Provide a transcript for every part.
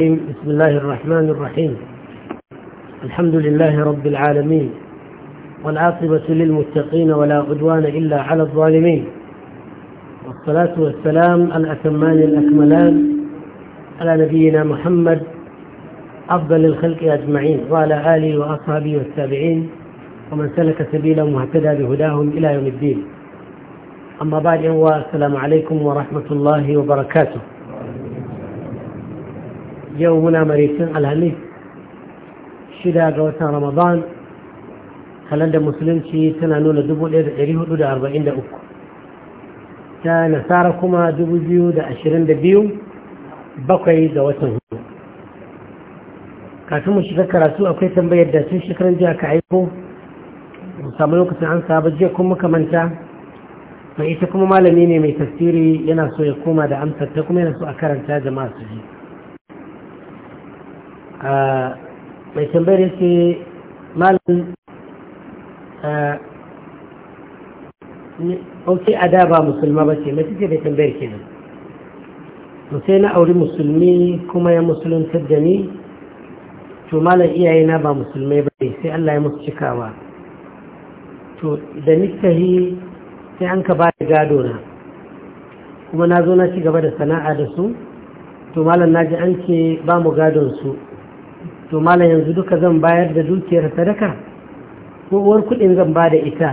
بسم الله الرحمن الرحيم الحمد لله رب العالمين والعاقبة للمتقين ولا عدوان إلا على الظالمين والصلاة والسلام الأتمان الأكملان على نبينا محمد أفضل الخلق أجمعين وعلى آله وأصحابه والتابعين ومن سلك سبيلا مهتدى بهداهم إلى يوم الدين أما بعد السلام عليكم ورحمة الله وبركاته yau muna maraicin alhamis shida ga watan ramadan kalandar musulunci tana nuna 1443 ta nasara kuma 2022 bakwai ga watan hudu kafin mu shiga karatu akwai tambayar da sun shekaran jiya ka aiko samu lokacin an saba jiya kuma manta mai ita kuma malami ne mai tasiri yana so ya koma da amsar ta kuma yana so a karanta jama'a su ji mai tambayar yake malam ok a da ba musulma ba ce mai ce da tambayar ke nan sai na auri musulmi kuma ya musuluntar da ni to malam iyaye na ba musulmai ba sai Allah ya musu cikawa to da nikahi sai an ka ba da gado na kuma na zo na ci gaba da sana'a da su to malam na ji an ce ba mu gadon su to malam yanzu duka zan bayar da dukiyar sadaka ko uwar kudin zan ba da ita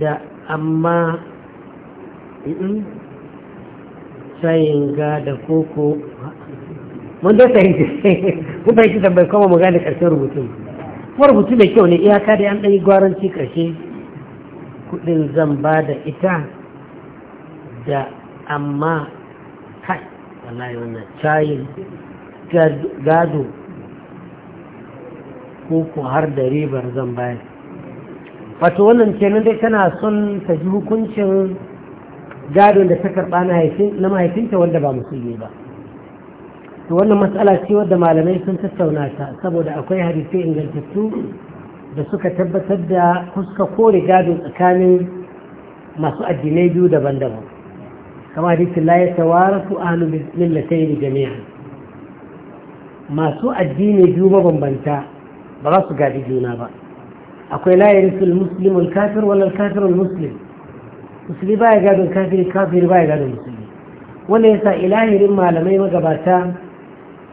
da amma shayin ga da koko mun dai fahimci kun fahimci bai kuma mu gane karshen rubutun kuma rubutu mai kyau ne iyaka da an ɗan yi gwaranci karshe kudin zan ba da ita da amma kai wallahi wannan shayin gado ko ku har da ribar zan bayar wato wannan kenan dai tana son ta ji hukuncin gadon da ta karɓa na mahaifinta wanda ba musulmi ba to wannan matsala ce wadda malamai sun tattauna ta saboda akwai hadisai ingantattu da suka tabbatar da kuska kore gado tsakanin masu addinai biyu daban-daban kama hadisin la ya tawara su ahlu millatai da jami'a masu addini biyu mabambanta ba za su gadi juna ba akwai la yarisu al-muslimu wannan kafir wala al-kafiru al-muslim musulmi baya gadon kafiri kafiri baya gadon musulmi wannan yasa ilahirin malamai magabata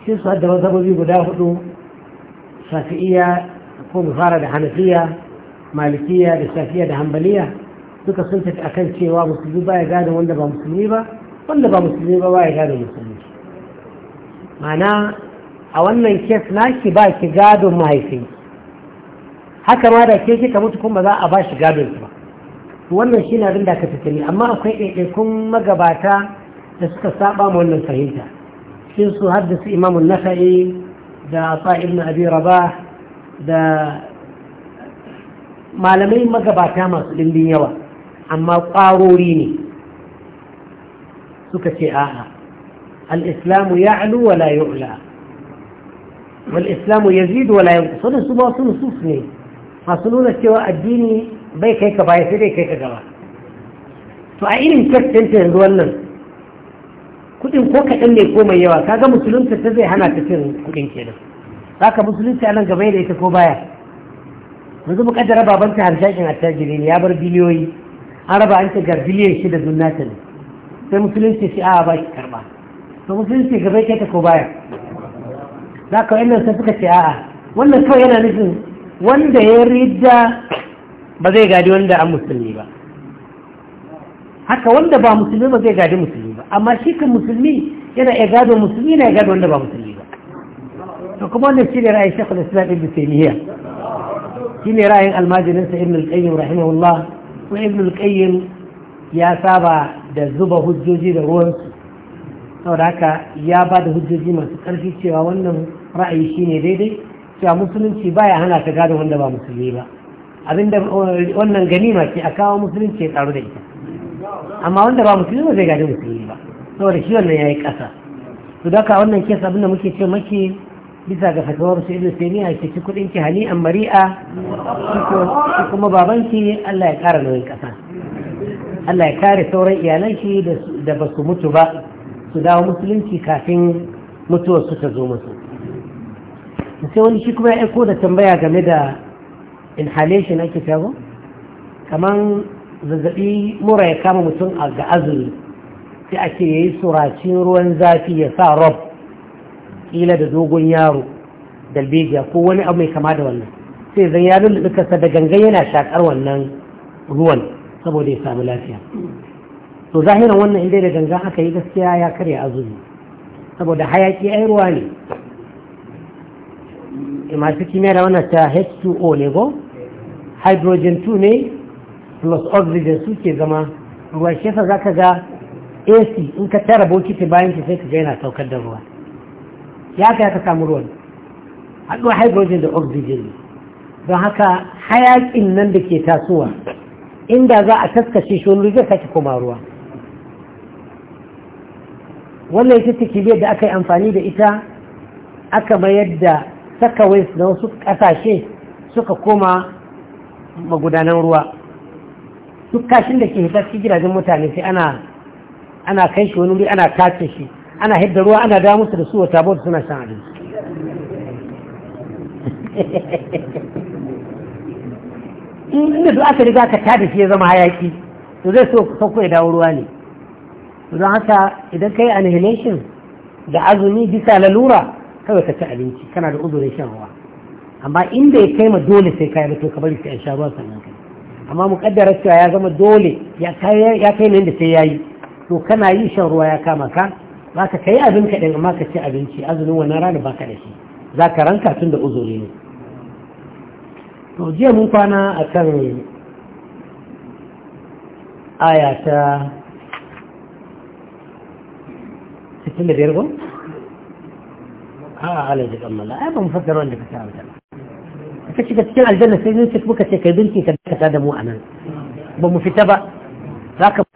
shi su hadda mazhabobi guda hudu shafi'iyya ko mu da hanafiya malikiya da shafiya da hambaliya duka sun tafi akan cewa musulmi ba ya gadon wanda ba musulmi ba wanda ba musulmi ba ya gadon musulmi ma'ana a wannan kes naki ba ki gadon mahaifin haka ma da ke kika mutu kuma za a ba shi gadon ba wannan shi na abin da aka tattali amma akwai ɗaiɗaikun magabata da suka saba ma wannan fahimta cikin su har da su imamun nasa'i da sa ibn abi raba da malamai magabata masu ɗimbin yawa amma ƙwarori ne suka ce a'a al-islamu ya'lu wa la yu'la wal islamu yazidu wala yanqus wannan su ba su nusus ne masu nuna cewa addini bai kai ka baya sai dai kai ka gaba to a irin kyakkyanta yanzu wannan kudin ko kaɗan ne ko mai yawa kaga musulunta ta zai hana ta cin kudin kenan zaka musulunci a nan gaba da ita ko baya yanzu mu kaddara harsashin attajiri ya bar biliyoyi an raba an ce ga biliyan shida dunnata sai musulunci shi a ba shi karba to musulunci gaba kai ta ko baya za ka wa'in sai suka ce a'a wannan kawai yana nufin wanda ya rida ba zai gadi wanda an musulmi ba haka wanda ba musulmi ba zai gadi musulmi ba amma shi kan musulmi yana ya gado musulmi yana ya gado wanda ba musulmi ba to kuma wannan shi ne ra'ayin shekul islam ibn taymiya shi ne ra'ayin almajirin sa ibn al-qayyim rahimahullah ko ibn al-qayyim ya saba da zuba hujjoji da ruwansu saboda haka ya ba da hujjoji masu ƙarfi cewa wannan ra'ayi shine daidai cewa musulunci baya hana ta gado wanda ba musulmi ba abinda uh, wannan ganima ce a kawo musulunci ya tsaro da ita amma wanda ba musulmi ba zai gado musulmi ba saboda shi wannan yayi kasa to da ka wannan kesa abinda muke ce maki bisa ga fatawar su ibn taymiya a cikin kudin ki hani an mari'a shi kuma ki Allah ya kara nauyin kasa Allah ya kare sauran shi da ba su mutu ba su dawo musulunci kafin mutuwar su ta zo musu sai wani shi kuma ya aiko da tambaya game da inhalation ake shago kamar zazzabi mura ya kama mutum a ga azumi sai ake yi suracin ruwan zafi ya sa rob kila da dogon yaro dalbejiya ko wani abu mai kama da wannan sai zan ya lulluɓe kasa da gangan yana shakar wannan ruwan saboda ya samu lafiya to zahiran wannan inda da gangan aka yi gaskiya ya karya azumi saboda hayaki ai ruwa ne masu kimiyya da wannan ta H2O ne ba? hydrogen 2 ne plus oxygen suke zama ruwa shi yasa zaka ga AC in ka tara bokiti bayan ki sai ka ga yana saukar da ruwa ya ka ya ka samu ruwan haɗuwa hydrogen da oxygen ne don haka hayaƙin nan da ke tasowa inda za a taskace shi wani zai sake koma ruwa wannan ita ce da aka yi amfani da ita aka mayar da Saka su na wasu kasashe suka koma magudanan ruwa duk kashin da ke hitar gidajen mutane sai ana ana kai shi wani wuri ana tace shi ana hidda ruwa ana da musu da su wata bauta suna shan abinci inda duk aka riga ka tada shi ya zama hayaki to zai so sauko ya dawo ruwa ne don haka idan ka yi annihilation da azumi bisa lalura kawai ka ci abinci kana da uzurin shan ruwa amma inda ya kai ma dole sai kayan to ka bari sai an sha ruwa sannan kai amma mukaddara cewa ya zama dole ya kai ne da sai yayi to kana yi shan ruwa ya kama ka ba ka kai abin ka ɗin amma ka ci abinci azumin wannan rana baka da shi za ka ranka tun da uzuri ne to jiya mun kwana a kan aya ta 65 على يد الله أنا مفكر أني في كلام الله كش قلت على الجنة سيدنا تكبك كبنتي تبكت هذا مو أنا بوم في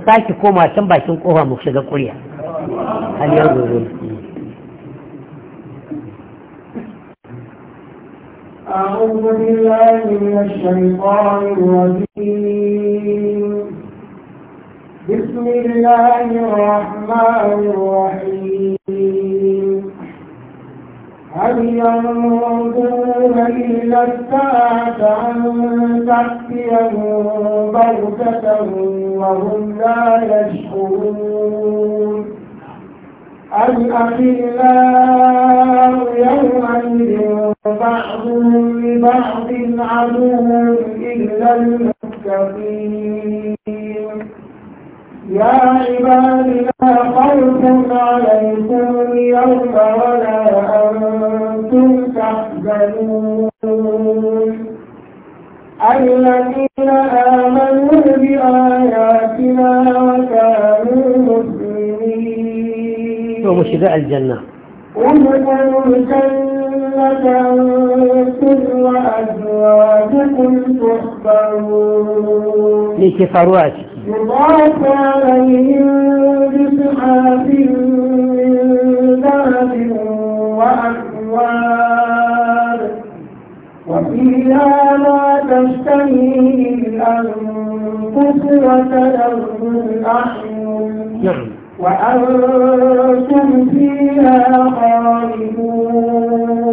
بتاعك كوما تنبع تنقوها مخشدة قرية هل يرغبون أعوذ بالله من الشيطان الرجيم بسم الله الرحمن الرحيم ينظرون إلا الساعة أن تأتيهم بغتة وهم لا يشعرون الأخلاء يومئذ بعضهم لبعض عدو إلا المتقين يا عباد خوف عليكم اليوم ولا أنتم تحزنون الذين آمنوا بآياتنا وكانوا مسلمين ومشبع الجنة ادخلوا الجنة أنتم وأزواجكم تحبرون لكفر يضاف عليهم بسحاب من ذهب وأكواب وفيها ما تشتهيه الأنفس وتلذ الأعين وأنتم فيها خالدون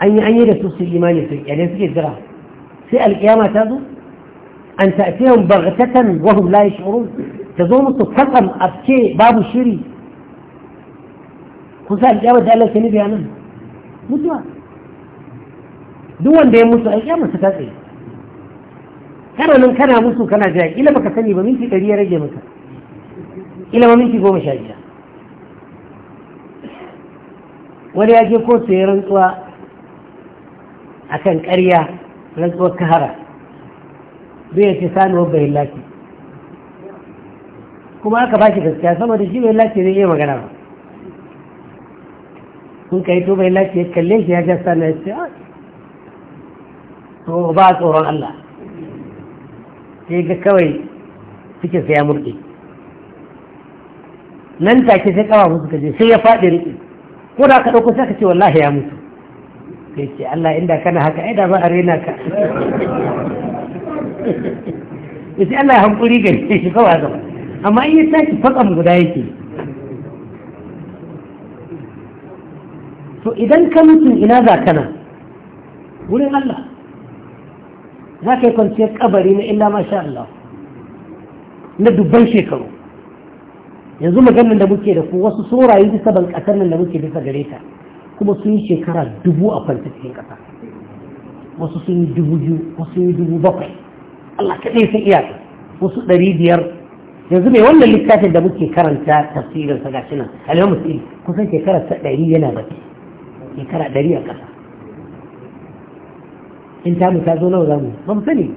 an yi anyi da su su imani su kyale suke jira sai alkiyama ta zo an ta'tihum baghtatan wa hum la yash'urun ta zo musu kwatsam afke babu shiri kun sa alkiyama ta Allah ke nufi nan mutuwa duk wanda ya mutu alkiyama su ta tsaye kana nan kana musu kana jira kila baka sani ba minti ɗari ya rage maka kila ma minti goma sha biyar wani ya je kotu ya rantsuwa akan ƙarya rantsuwar kahara bai yace sanuwar bai laki kuma aka ba shi gaskiya saboda shi bai laki zai iya magana ba kun kai to bai laki ya kalle shi ya ga sanuwar ya ce ah. to ba tsoron Allah sai ga kawai suke sai ya murɗe nan take sai kawa musu kaje sai ya faɗi riƙe ko da ka ɗauko sai ka ce wallahi ya mutu sai ce Allah inda kana haka ai da ba a rena ka sai Allah ya hankuri ga shi kawai zama amma in ya tashi fakam guda yake to idan ka mutu ina za kana wurin Allah za ka yi kwanciyar kabari na illa masha Allah na dubban shekaru yanzu maganin da muke da ku wasu sun bisa ban nan da muke bisa gare ta kuma sun yi shekara dubu a kwanta cikin ƙasa wasu sun yi dubu biyu wasu sun yi dubu bakwai Allah kaɗai sun iya wasu ɗari biyar yanzu mai wannan littafin da muke karanta tafsirin sa gashi nan alimamu su kusan shekara ta ɗari yana baki shekara ɗari a ƙasa in tamu ta zo nawa za mu ba mu sani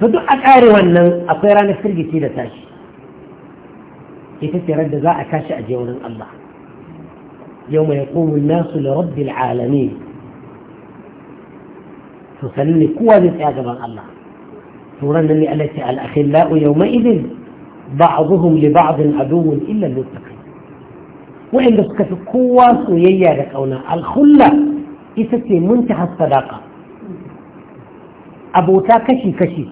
to duk a ƙare wannan akwai ranar firgici da tashi ita ce da za a tashi a je wurin Allah يوم يقوم الناس لرب العالمين فسلني قوة يا الله سورة النبي التي الأخلاء يومئذ بعضهم لبعض عدو إلا المتقين وإن دسك في قوة سويا لكونا الخلة إستي منتهى الصداقة أبوتا كشي كشي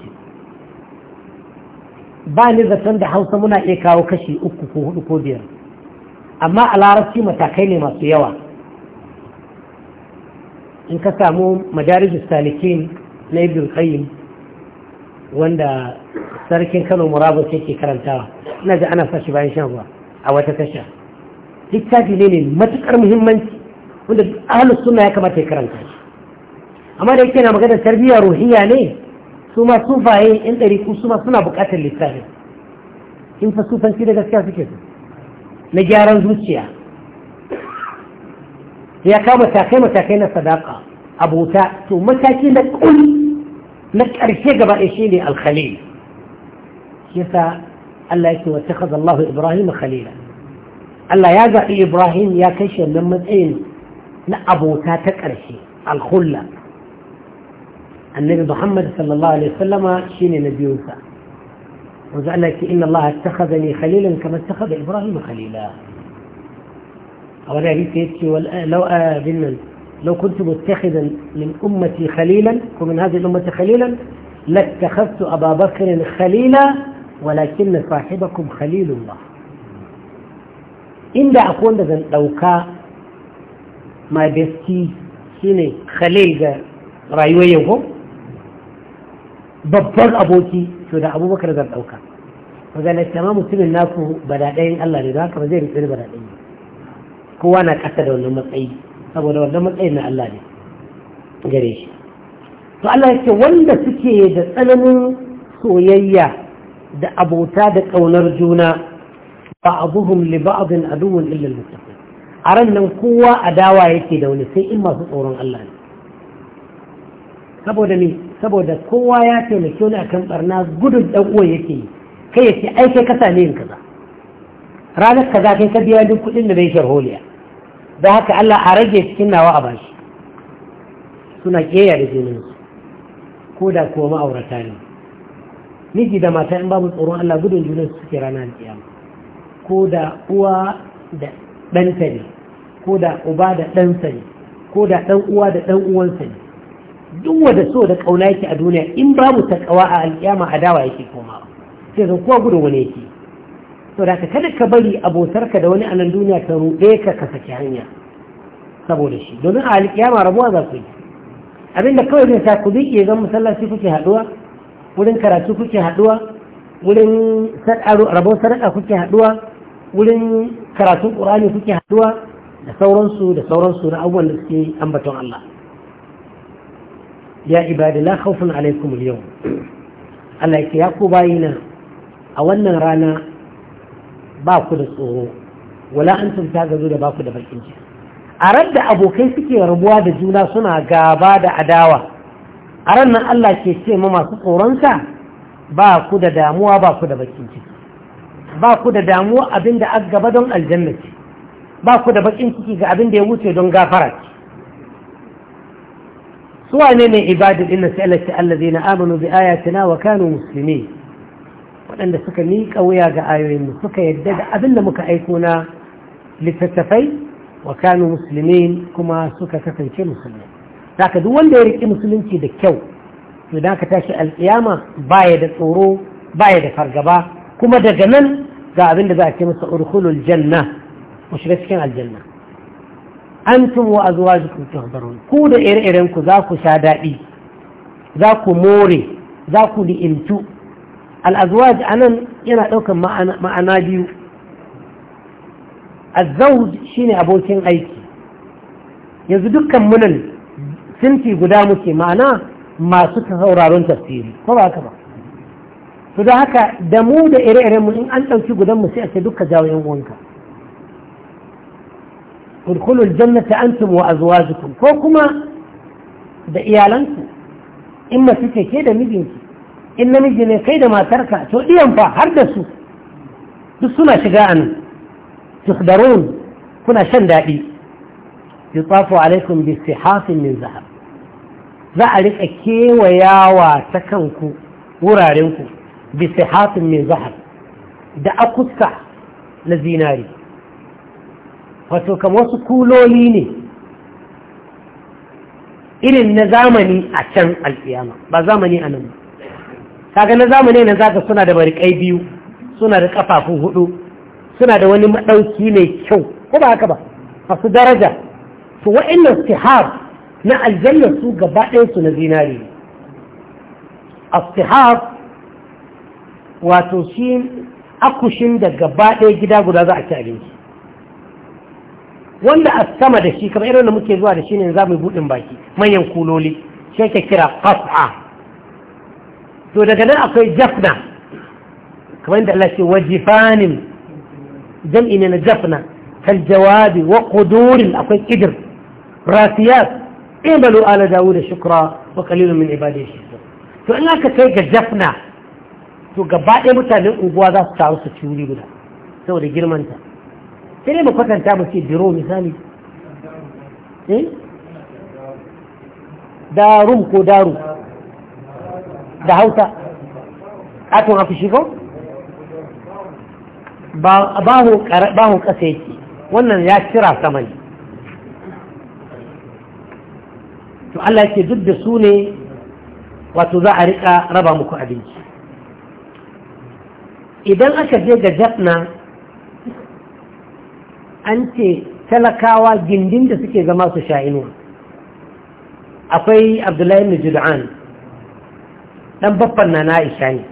ba ni zaton da hausa muna iya kawo amma a larabci matakai ne masu yawa in ka samu Majalisar salikin na ibn qayyim wanda sarkin kano murabus yake karantawa ina ji ana sashi bayan shan ruwa a wata tasha littafi ne ne matukar muhimmanci wanda ahlus sunna ya kamata ya karanta shi amma da yake na magana tarbiyya ruhiyya ne su ma sufaye yan dariku su ma suna buƙatar littafi in fa sufanci da gaskiya suke su na gyaran zuciya ya kama matakai-matakai na sadaka abota to mataki na ƙuri na ƙarshe gaba ɗaya shi ne alkhalil yasa Allah yake wata kaza Allah Ibrahim khalila Allah ya zaɓi Ibrahim ya kai shi wannan matsayin na abota ta ƙarshe alkhulla annabi Muhammad sallallahu alaihi wasallama shine na biyunsa وزعل لك إن الله اتخذني خليلا كما اتخذ إبراهيم خليلا أولا ريت لو آذنا لو كنت متخذا من أمتي خليلا ومن هذه الأمة خليلا لاتخذت أبا بكر خليلا ولكن صاحبكم خليل الله إن akwai أقول لو كا ما بيستي شيني خليل ga rayuwar ببر أبوتي to da abubakar zan ɗauka magana ita ma mutumin naku badaɗayin Allah ne haka ba zai rike ni badaɗayi kowa na ƙasa da wannan matsayi saboda wannan matsayin na Allah ne gare shi to Allah yake wanda suke da tsananin soyayya da abota da ƙaunar juna ba abuhum li ba'din aduwwun illa al-muttaqin a ran nan kowa adawa yake da wani sai in masu tsoron Allah ne saboda ni. saboda kowa ya taimake wani akan barna gudun dan uwa yake yi kai ya ce ai kai ka same yin kaza ranar kaza kai ka biya duk kuɗin da bai sharholiya da haka Allah a rage cikin nawa a bashi suna keya da jinin ko da kuwa ma'aurata ne miji da mata in babu tsoron Allah gudun junan suke rana da kiyama ko da uwa da ɗanta ne ko da uba da ɗansa ne ko da ɗan uwa da ɗan uwansa ne duk wanda so da kauna yake a duniya in babu takawa a alƙiyama dawa yake koma sai zan kowa gudun wani yake to da kada ka bari abotarka da wani a nan duniya ta ruɗe ka ka saki hanya saboda shi domin a alƙiyama rabuwa za ku yi abinda kawai zai sa ku iya zan masallaci kuke haɗuwa wurin karatu kuke haɗuwa wurin rabon sadaka kuke haɗuwa wurin karatun ƙur'ani kuke haɗuwa da sauransu da sauransu na abubuwan da suke ambaton Allah ya ibadi la khawfun alaikum yau, yawm Allah ya ku bayina a wannan rana ba ku da tsoro wala antum tagazu da ba ku da bakin ciki a ran da abokai suke rabuwa da juna suna gaba da adawa a ran nan Allah ke ce ma masu tsoronsa ba ku da damuwa ba ku da bakin ciki ba ku da damuwa abin da aka gaba don aljanna ba ku da bakin ciki ga abin da ya wuce don gafara سواء نيني عباد إن سألت الذين آمنوا بآياتنا وكانوا مسلمين وأن سكا نيك أو ياغا آيوين سكا يدد أبن مكأيكونا للتتفي وكانوا مسلمين كما سكا تتنشي مسلمين ذاك دو وان ديريك مسلمين تي دكيو فذاك تاشي القيامة باية الأورو باية فرقبا كما دقنن ذا أبن ذاك مسا أرخلوا الجنة مش بس كان الجنة antum wa azwajukum tuhbarun ku da ire-iren ku za ku sha daɗi za ku more za ku ni'imtu al-azwaj anan yana ɗaukar ma'ana biyu zawj shine abokin aiki yanzu dukkan munan sinti guda muke ma'ana masu sauraron tafsiri ko ba haka ba to da haka da mu da ire-iren mu in an ɗauki gudan mu sai a ce duka jawo yan uwanka udkhulul jannata antum wa azwajukum ko kuma da iyalanku in mace ce da mijinki in namiji ne kai da matarka to diyan fa har da su duk suna shiga an tuhdarun kuna shan daɗi yutafu alaikum bi sihafin min zahab za a riƙa kewayawa ta kanku wurarenku bi sihafin min zahab da akusta na zinari wato kamar wasu kuloli ne irin na zamani a can alfiyama ba zamani a nan kaga na zamani na zaka suna da barikai biyu suna da kafafun hudu suna da wani maɗauki mai kyau ko ba haka ba masu daraja to wa'annan sihab na aljanna su gaba su na zinari astihab wato shi akushin da gaba ɗaya gida guda za a ci abinci wanda a sama da shi kamar irin da muke zuwa da shi ne za mu buɗin baki manyan kuloli shi ake kira Fas'a to daga nan akwai jafna kamar da Allah ce wajifanin jam'i ne na jafna kal jawabi wa qudurin akwai qidr rasiyat ibalu ala dawud shukra wa qalilun min ibadihi shakur to in aka kai ga jafna to gaba ɗaya mutanen unguwa za su taru su ci wuri guda saboda girmanta sai dai mu kwatanta mu ce biro misali eh? darum ko daru da hausa a tun hafi shigo bahu ƙasa yake wannan ya kira samani. to Allah ke duk da su ne wato za a riƙa raba muku abinci idan aka je ga jafna an ce talakawa gindin da suke zama su sha inuwa akwai abdullahi ibn jud'an dan babban na na'isha ne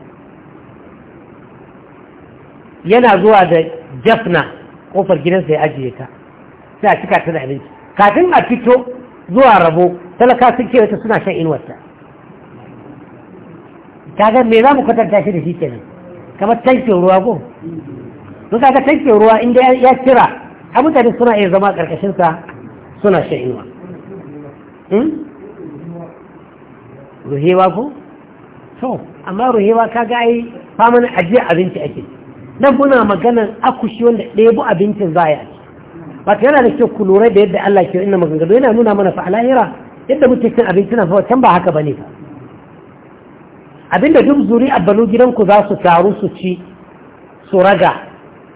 yana zuwa da jafna kofar gidansa ya ajiye ta sai a cika ta da abinci kafin a fito zuwa rabo talaka sun wata suna shan inuwarta kaga me za mu kwatanta shi da shi kenan kamar tankin ruwa ko Mun kaga tankin ruwa inda ya kira a mutane suna iya zama ƙarƙashinsa suna sha'iwa hmm? ruhewa ko? so amma ruhewa ka ga famin ajiyar abinci ake nan muna maganan akushi wanda ɗebo abincin zaya wata yana da kyau kulurai da yadda Allah ke ina maganganu yana nuna mana fa alahira yadda muke cin abinci na fa can ba haka bane fa abinda duk zuri a gidan gidanku za su taru su ci su raga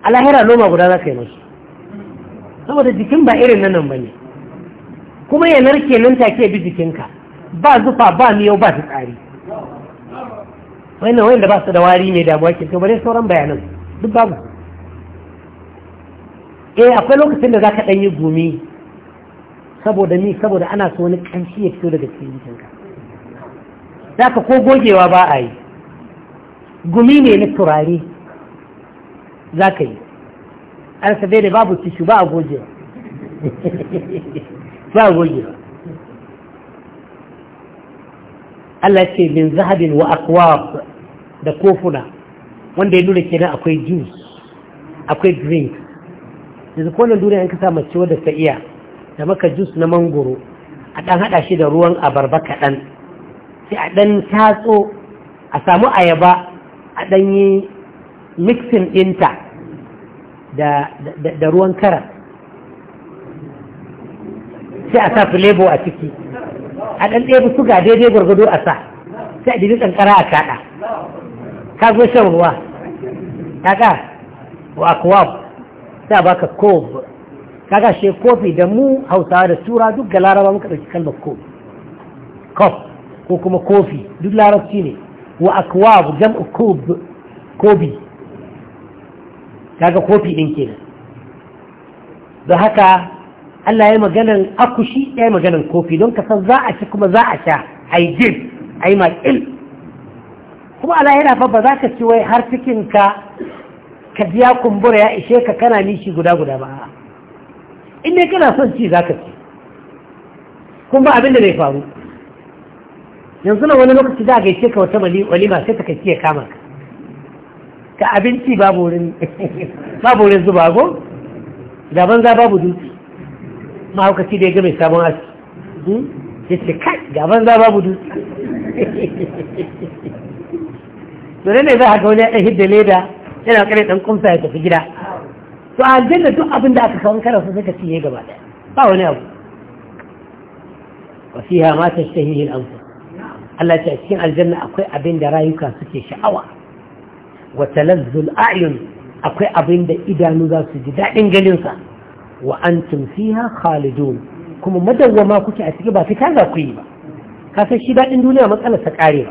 alahira noma guda za ka yi musu saboda jikin ba irin nan ba ne kuma ya narke nan take bi jikinka ba zufa ba miyau ba tsari. wannan wanda ba su da wari mai damuwa ke ne sauran bayanan duk babu eh akwai lokacin da za ka ɗanyi gumi saboda ni saboda ana so wani ƙanshi ya fito daga cikin jikinka za ka ko gogewa ba a yi gumi ne na turare za ka yi an sabe da babu tishu ba a goge ba a goge Allah ce min zahabin wa akwab da kofuna wanda ya nuna kenan akwai juice akwai drink yanzu kowane duniya yanka sa mace wadda ta iya da maka juice na mangoro a ɗan haɗa shi da ruwan abarba kaɗan sai a ɗan tatso a samu ayaba a ɗan yi mixin ɗinta da ruwan karas sai a sa filebo a ciki a ɗan ɗaya suga daidai gwargwado a sa sai a ɗiɗi ƙanƙara a kaɗa ka zo shan ruwa ka wa akwab sai a baka kob kaga shi kofi da mu hausawa da tura duk ga laraba muka ɗauki kalmar kof kof ko kuma kofi duk larabci ne wa akwab jam'u kobi kaga kofi ɗin kenan don haka Allah ya yi maganan akushi ya yi maganan kofi don ka san za a ci kuma za a sha a yi jin a yi maƙil kuma Allah yana fa ba za ka ci wai har cikin ka ka ji ya kumbura ya ishe ka kana nishi guda guda ba in dai kana son ci za ka ci kuma abin da bai faru yanzu na wani lokaci za a gaishe ka wata walima sai ta kai ya kama ka Ka abinci babu wurin zuba go da banza babu dutse mahaukaci da ya ga mai sabon aski hmm? ya ce kai ga banza babu dutse dole ne za a ga wani ɗan hidda leda yana kare ɗan kumsa ya tafi gida to a aljanna duk abin da aka kawo karar su suka ciye gaba ɗaya ba wani abu wasiha ma ta shahihin amsa Allah ce a cikin aljanna akwai abin da rayuka suke sha'awa wa talazzul a'yun akwai abin da idanu za su ji daɗin ganinsa wa an fiha khalidun kuma madawwama kuke a ciki ba fita za ku yi ba ka san shi daɗin duniya matsalar ta ƙare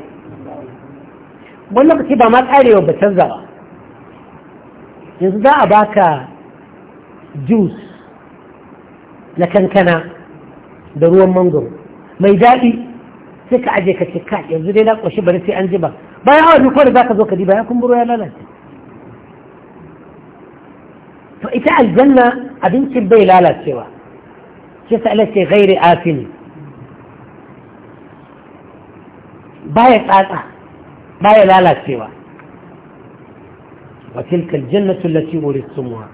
ba wannan ba ba ma ƙarewa ba canza ba yanzu za a baka juice na kankana da ruwan mangoro mai daɗi sai ka aje ka ce ka yanzu dai na ƙoshi bari sai an ji ba bayan awa biyu kawai za ka zo ka diba ya kumburo ya lalace to ita aljanna abincin bai lalacewa shi sa ce gairi afini baya tsatsa baya lalacewa wa tilka aljannatu allati uristumuha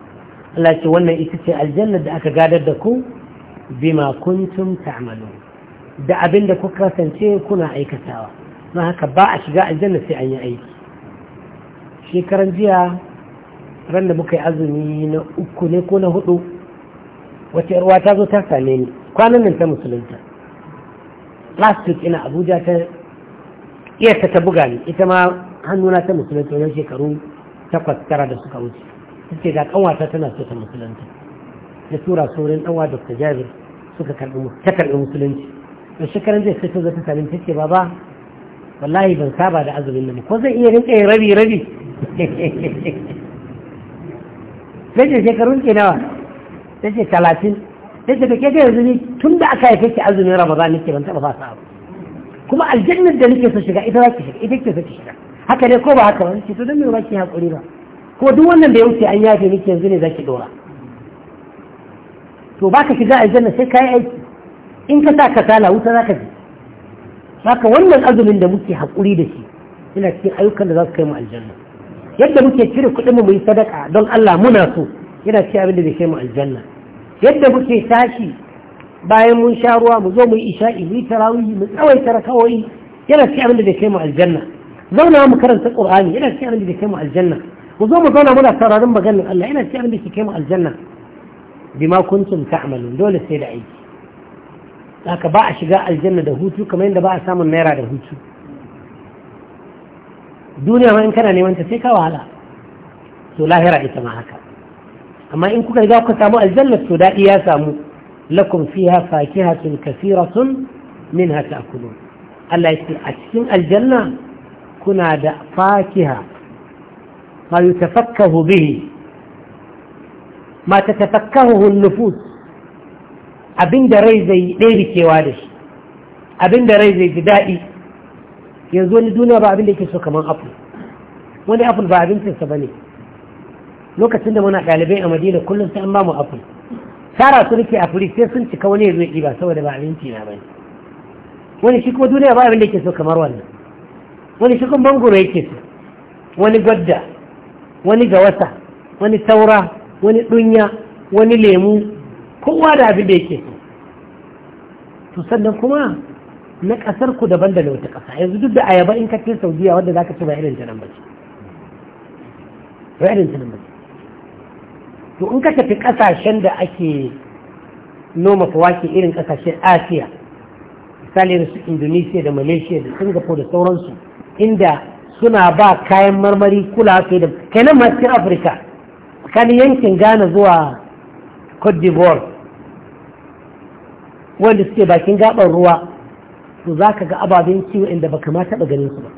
Allah ce wannan ita ce aljanna da aka gadar da ku bima kuntum ta'malun da abin da kuka kasance kuna aikatawa na haka ba a shiga aljanna sai an yi aiki shekaran jiya ran da muka yi azumi na uku ne ko na hudu wata yarwa ta zo ta same ni kwanan nan ta musulunta last week ina abuja ta iyarta ta buga ni ita ma hannuna ta musulunta wajen shekaru takwas tara da suka wuce ta ce ga kanwata tana so ta musulunta da tura saurin ɗanwa dr jabir suka karɓi ta musulunci da shekaran zai sai ta zo ta ni ta ce baba wallahi ban saba da azumin nan ko zai iya rinka yin rabi rabi sai ce shekarun ke nawa sai ce talatin sai ce kake yanzu ni tun da aka yi kake azumin ramadan nake ban taba fasa abu kuma aljannar da nake so shiga ita za ki shiga ita ke so ki shiga haka ne ko ba haka ba ce to don me ba ki hakuri ba ko duk wannan da ya wuce an yafe miki yanzu ne za ki dora to baka shiga aljanna sai ka yi aiki in ka sa tala wuta za ka ji haka wannan azumin da muke haƙuri da shi ina cikin ayyukan da za su kai mu aljanna yadda muke cire kuɗin mu yi sadaka don Allah muna so yana cikin abin da zai kai mu aljanna yadda muke tashi bayan mun sha ruwa mu zo mu yi isha'i mu yi tarawihi mu tsawaita rakawai yana cikin abin da zai kai mu aljanna zauna mu karanta qur'ani yana cikin abin da zai kai mu aljanna mu zo mu zauna muna sauraron maganar Allah yana cikin abin da zai kai mu aljanna bima kuntum ta'malun dole sai da aiki haka ba a shiga aljanna da hutu kamar yadda ba a samun naira da hutu duniya ma in kana neman ta sai ka wahala to lahira ita ma haka amma in kuka riga kuka samu aljanna to daɗi ya samu lakum fiha fakihatun kasiratun minha ta'kulun Allah ya ce a cikin aljanna kuna da fakiha ma yutafakkahu bihi ma tatafakkahu an-nufus abin da rai zai ɗaya kewa da shi abin da rai zai ji daɗi yanzu wani duniya ba abin da yake so kamar apple wani apple ba abincinsa ba ne lokacin da muna ɗalibai a madina kullum sai an ba mu apple tara su rike a furi sai sun cika wani yanzu ɗiba saboda ba abinci na bane wani shi kuma duniya ba abin da yake so kamar wannan wani shi kuma bangoro yake so wani gwadda wani gawasa wani saura wani dunya wani lemu kowa da abin da yake to sannan kuma na ƙasar ku daban da wata ƙasa yanzu duk da ayaba in ka ce saudiya wanda za ka ci ba irin ta nan ba ce ba irin ta ba ce to in ka tafi ƙasashen da ake noma ke irin kasashen asiya misali da su indonesia da malaysia da singapore da sauransu inda suna ba kayan marmari kula kai da kenan masu afirka kan yankin ghana zuwa cote d'ivoire wanda suke bakin gaban ruwa to za ka ga ababen kiwo inda baka ma taɓa ganin su ba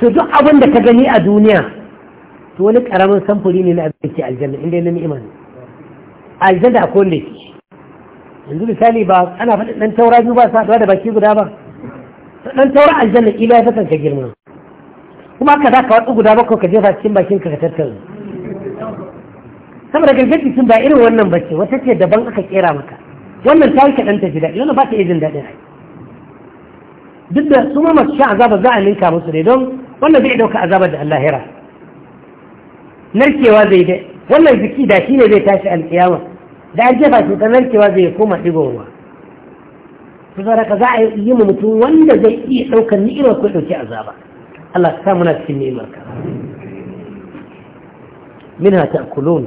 to duk abin da ka gani a duniya to wani ƙaramin samfuri ne na abin da ke aljanna inda na ni'ima ne aljanna akwai wanda ke yanzu misali ba ana faɗi ɗan taura biyu ba sa da baki guda ba ɗan taura aljanna ƙila ya fi kanka girma kuma ka za ka waɗu guda bakwai ka jefa cikin bakin ka ka tattara saboda gangar sun ba irin wannan bacci, wata ce daban aka kera maka wannan ta yi kaɗan ta ji daɗi wannan ba ta iya jin daɗin rai duk da su ma masu sha azaba za a ninka musu ne don wannan zai ɗauka azabar da Allah hira narkewa zai dai wannan jiki da shi ne zai tashi alƙiyama da an jefa shi ta narkewa zai koma ɗigowa su zara ka za a yi mu mutum wanda zai iya ɗaukar ni'imar ko ɗauki azaba Allah ka sa muna cikin ni'imar ka minha ta'kulun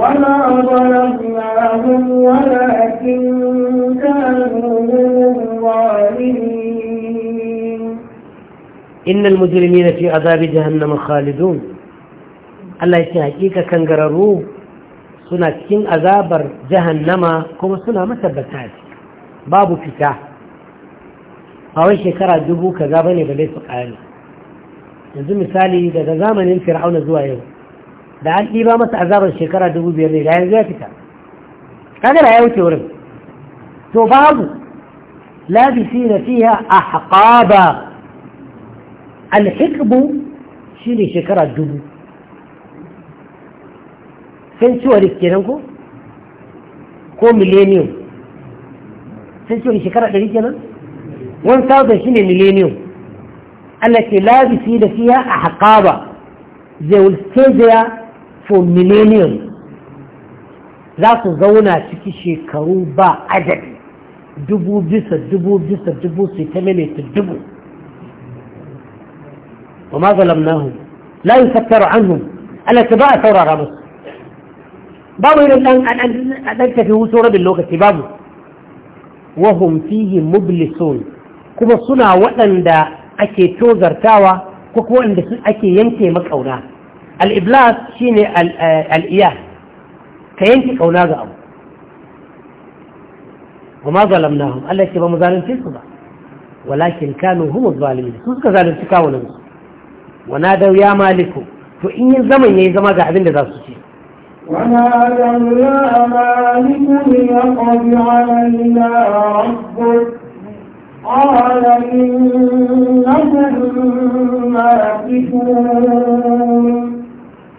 وما ظلمناهم ولكن كانوا ظالمين إن المجرمين في عذاب جهنم خالدون ce hakika kan قرروا suna cikin azabar jahannama kuma suna matabbata babu fita a wani shekara dubu kaza bane ba su ƙari yanzu misali daga zamanin fir'auna zuwa yau da an ɗiba masa azabar shekara dubu biyar ne da yanzu ya fita kaga da ya wuce wurin to babu labisi na fiya a haƙaba alhikbu shi ne shekara dubu ci century nan ko ko millennium century shekara ɗari kenan 1000 shi ne millennium التي لا بسيد فيها أحقابا they will stay there for millennium za su zauna ciki shekaru ba ajabi dubu bisa dubu bisa dubu su ta ta dubu wa ma hu la yufattaru A ala ta ba a saurara musu babu irin dan a ɗan tafi wuso rabin lokaci babu wahum fihi mublisun kuma suna waɗanda ake tozartawa ko kuma waɗanda ake yanke makauna الإبلاغ شيني آه، الإياه كينك كوناغ أو وما ظلمناهم ألا يكتب مظالم في الكبار ولكن كانوا هم الظالمين كذلك تكاونا ونادوا يا مالك فإن الزمن يا إذا ما قاعد عندنا ذا السوشي ونادوا يا مالك ليقضي علينا ربك قال إنكم ما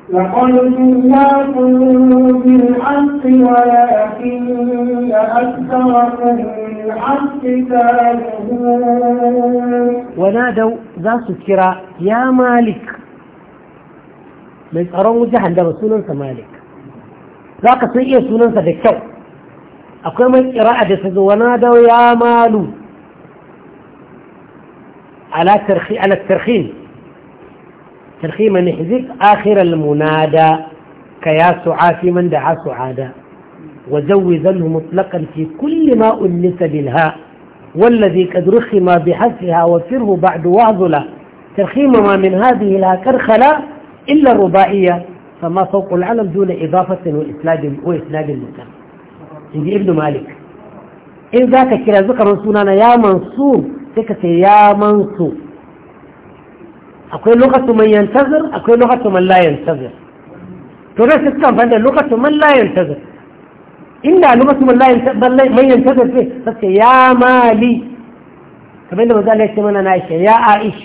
لقلنا قلوب الحق ولكن أكثركم الحق تالهون ونادوا ذا سكرا يا مالك من أرون وجه عند رسول الله مالك ذاك سيئ رسول الله ذكو أقول من إراء جسده ونادوا يا مالو على الترخي على الترخيم ترخيما احذر آخر المنادى كيا من دعا سعادا له مطلقا في كل ما أنس بالهاء والذي قد رخم بحذفها وفره بعد وعظلة ترخيم ما من هذه لا كرخلا إلا الرباعية فما فوق العلم دون إضافة وإسناد وإسناد المتهم يجي ابن مالك إن ذاك كلا ذكر رسولنا يا منصور تكتي يا منصور akwai lokacin man yantazir akwai lokacin man layan tazir to da su kan fanta lokacin man layan tazir inda lokacin man yantazir sai sai ya mali kamar da mazala ya mana na ishe ya aish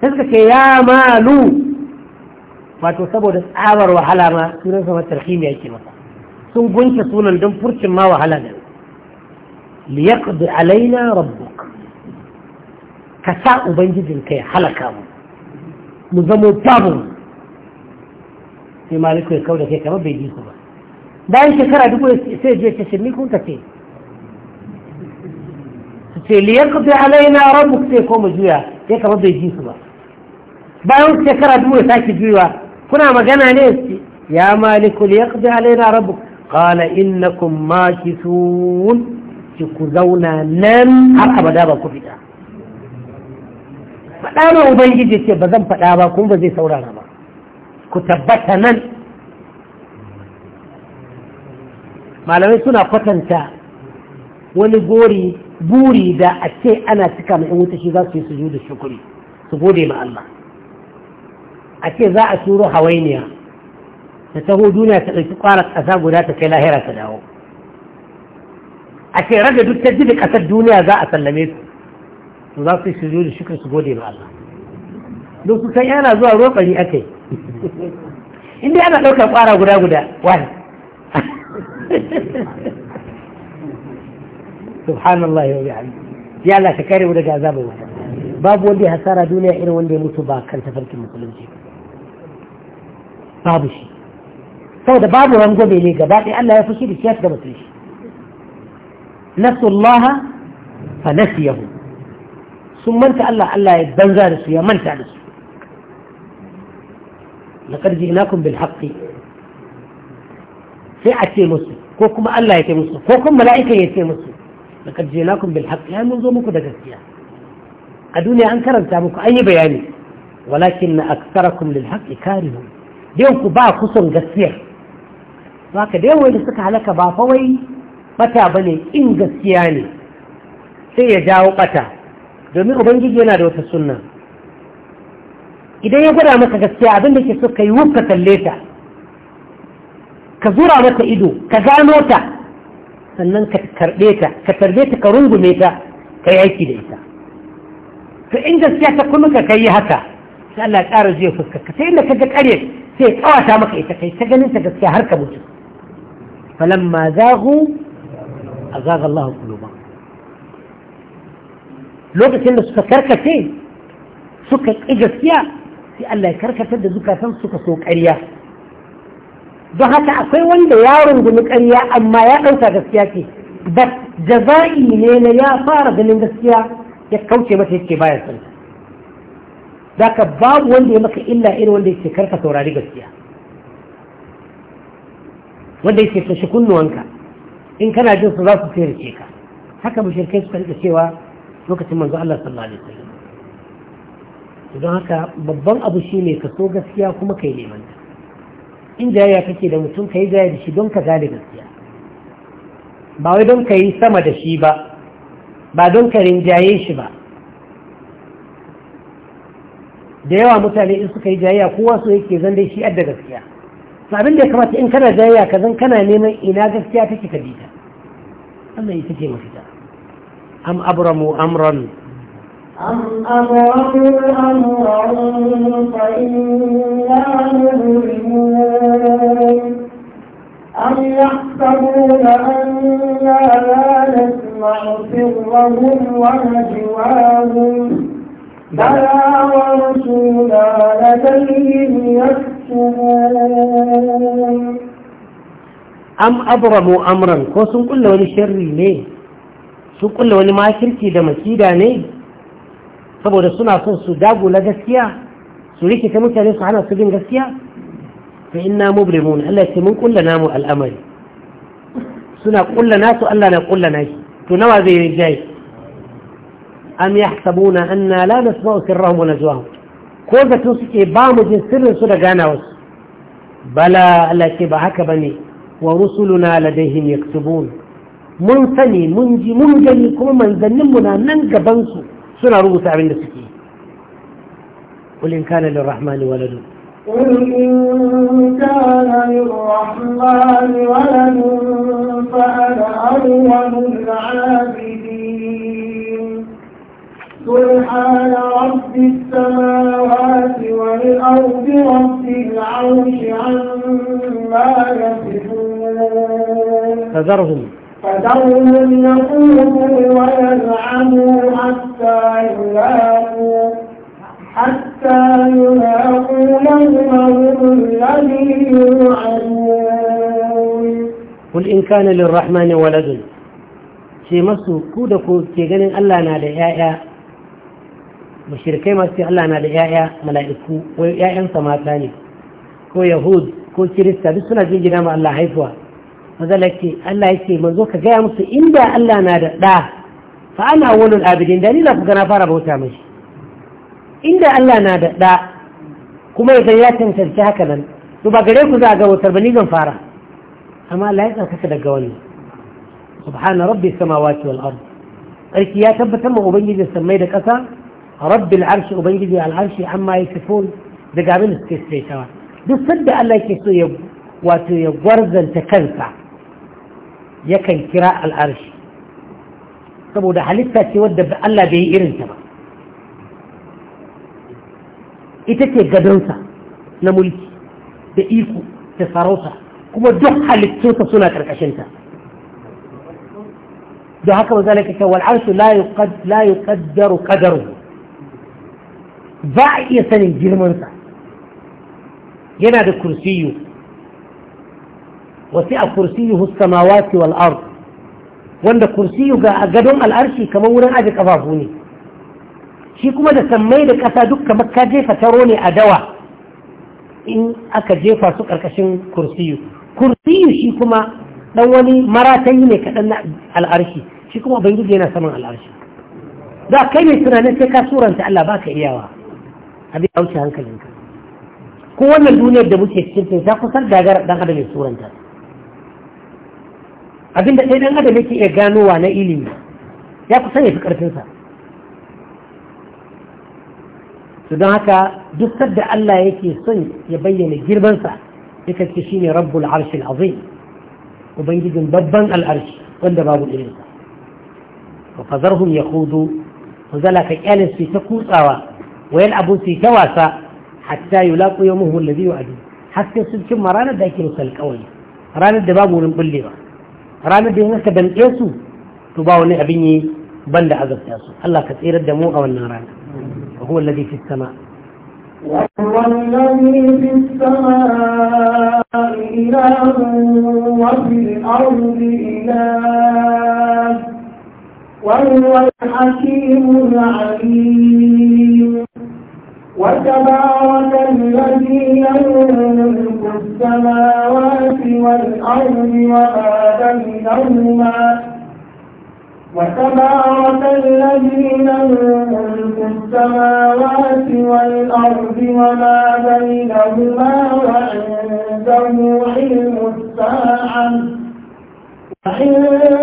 sai suka ce ya malu wato saboda tsabar wahala ma sunan sama tarhimi yake masa sun gunce sunan don furcin ma wahala ne liyaqdi alaina rabbuk ka sa ubangijinka ya halaka mu mu zamo babu sai maliku ya kauda kai kamar bai ji su ba bayan shekara dubu sai je ta shirmi kun ka ce su ce liyar ku alaina rabu sai ko mu juya ya kama bai ji su ba bayan shekara dubu ya sake juyawa kuna magana ne ya maliku liyar ku alaina rabu قال إنكم ماكثون تكذونا نن هل أبدا بكفتا faɗa ma ubangiji ce ba zan faɗa ba kuma ba zai saurara ba ku tabbata nan malamai suna kwatanta wani gori buri da a ce ana cika mai in wuta shi za su yi su da shukuri su gode ma Allah a ce za a turo hawainiya ta taho duniya ta ɗauki ƙwara ƙasa guda ta kai lahira ta dawo a ce raga duk ta ƙasar duniya za a sallame su to za su yi shiryo da shukar su gode ma Allah duk su san yana zuwa roƙari akai inda ana ɗaukar ƙwara guda guda wani subhanallah yau ya ya Allah ka kare mu daga azabar wata babu wanda ya hasara duniya irin wanda ya mutu ba kan tafarkin musulunci babu shi saboda babu rangobe ne gaba ɗaya Allah ya fushi da shi ya shiga musulunci nasu Allah fa nasiyahu sun manta Allah Allah ya banza da su ya manta da su laqad ji'nakum bil haqqi sai a ce musu ko kuma Allah ya ce musu ko kuma mala'ika ya ce musu laqad ji'nakum bil haqqi ya mun zo muku da gaskiya a duniya an karanta muku an yi bayani walakin aktsarakum lil haqqi karihun dan ku ba kusan gaskiya ba ka da yawan suka halaka ba fa wai bata bane in gaskiya ne sai ya jawo bata domin ubangiji yana da wata sunna idan ya gwada maka gaskiya abinda da ke so ka yi ka kalle ta ka zura mata ido ka gano ta sannan ka karɓe ta ka tarbe ta ka rungume ta ka yi aiki da ita to in gaskiya ta kuma ka kai haka sai Allah ya ƙara zuwa fuskar ka sai inda ka ga ƙarye sai ya maka ita kai ta ganin ta gaskiya har ka mutu falamma zahu azaga Allah qulub lokacin da suka karkace suka ƙi gaskiya sai Allah ya karkatar da zukatan suka so ƙarya don haka akwai wanda ya rungumi ƙarya amma ya ɗauka gaskiya ce da jaza'i ne na ya fara ganin gaskiya ya kauce mata yake baya son ka babu wanda ya maka illa irin wanda yake karka saurari gaskiya wanda yake tashi kunnuwanka in kana jin su za su tsere ka haka mushrikai suka rike cewa lokacin manzo Allah sallallahu alaihi wasallam Idan haka babban abu shine ka so gaskiya kuma ka yi neman ta in jayayya kake da mutum ka yi jayayya da shi don ka gane gaskiya ba wai don ka yi sama da shi ba ba don ka rinjaye shi ba da yawa mutane in suka yi jayayya kowa so yake zan dai shi adda gaskiya abin da ya kamata in kana jayayya ka zan kana neman ina gaskiya take ka bita wannan ita ce mafita am abramu amran أم أبرموا أمرا فإنا مبرمون أم يحسبون أنا لا نسمع سرهم ونجواهم بلى ورسولا لديهم يكتبون أم أبرموا أمرا كوسم كل ولي شر ليه sun kulle wani makirci da makida ne saboda suna son su dagula gaskiya su rikita mutane su hana su bin gaskiya fa inna mubrimun Allah ya ce mun kulla namu al'amari suna kulla nasu Allah na na shi to nawa zai yi jayi am ya sabuna yahsabuna na la nasma'u sirrahum wani zuwa ko zato suke ba mu jin sirrin su da ganawarsu bala Allah ce ba haka ba bane wa rusuluna ladaihim yaktubun mun sani mun ji mun gani kuma manzanninmu na nan gabansu suna rubuta abin da suke قل إن كان للرحمن ولد قل إن كان للرحمن ولد فأنا أول العابدين سبحان رب السماوات والأرض رب العرش عما يصفون فذرهم فذرهم يقولوا ويزعموا حتى يلاقوا حتى يلاقوا يومهم الذي يوعدون قل إن كان للرحمن ولد ce masu ku da ku ke ganin Allah na da 'ya'ya mushirkai masu ce Allah na da 'ya'ya mala'iku wai 'ya'yansa mata ne ko yahud ko kirista duk suna jin gida ma Allah haifuwa mazalake Allah yake manzo ka gaya musu inda Allah na da ɗa fa ana wani abidin dalila ni na fara bauta mashi inda Allah na da ɗa kuma idan ya cancanci haka nan to ba gare ku za a ga wutar ba ni zan fara amma Allah ya tsarkaka daga wannan subhana rabbi samawati wal ard sarki ya tabbatar ma ubangiji sammai da ƙasa rabbil arshi ubangiji al arshi amma yasifun daga abin da suke tsaitawa duk sadda Allah ke so ya wato ya gwarzanta kansa yakan kira al'arshi saboda halitta ce wadda Allah bai yi irinta ba ita ce gadonsa na mulki da iko da sarauta kuma duk halittunsa suna ƙarƙashinta da haka ba zalika cewa al'arshi la ƙaddaru ƙadaru ba a iya sanin girmansa yana da kursiyu wasi'a kursiyuhu samawati wal ard wanda kursiyu ga gadon al'arshi kamar wurin aje kafafu ne shi kuma da sammai da kasa duk kamar ka jefa taro ne a dawa in aka jefa su karkashin kursiyu kursiyu shi kuma dan wani maratayi ne kaɗan na al'arshi shi kuma ubangiji yana saman al'arshi da kai mai tunanin sai ka suranta Allah baka iyawa abin ya wuce hankalinka ko wannan duniyar da muke cikin ta kusan dagara dan adam ya suranta abinda ɗaya dan adam yake iya ganowa na ilimi ya kusan ya fi ƙarfinsa su don haka duk sadda Allah yake son ya bayyana girmansa ya kaske shi ne rabbul arshil azim ubangijin babban al'arshi wanda babu irinsa wa fazarhum ya hudu ku ka kyalin su ta kutsawa wa yan abu su ta wasa hatta yulaqu yawmuhu alladhi yu'adu har Hasken sun cimma ranar da ake musu alƙawari ranar da babu wurin bulle ba ranar da yanka danɗe su to ba wani abin yi ban da azabta su Allah ka tsirar da mu a wannan rana wa huwa alladhi fi sama وهو الذي في السماء إله وفي الأرض إله وهو الحكيم العليم وتبارك الذي يملك السماوات والأرض وما بينهما وتبارك الذي يملك السماوات والأرض وما بينهما وعنده علم الساعة وعنده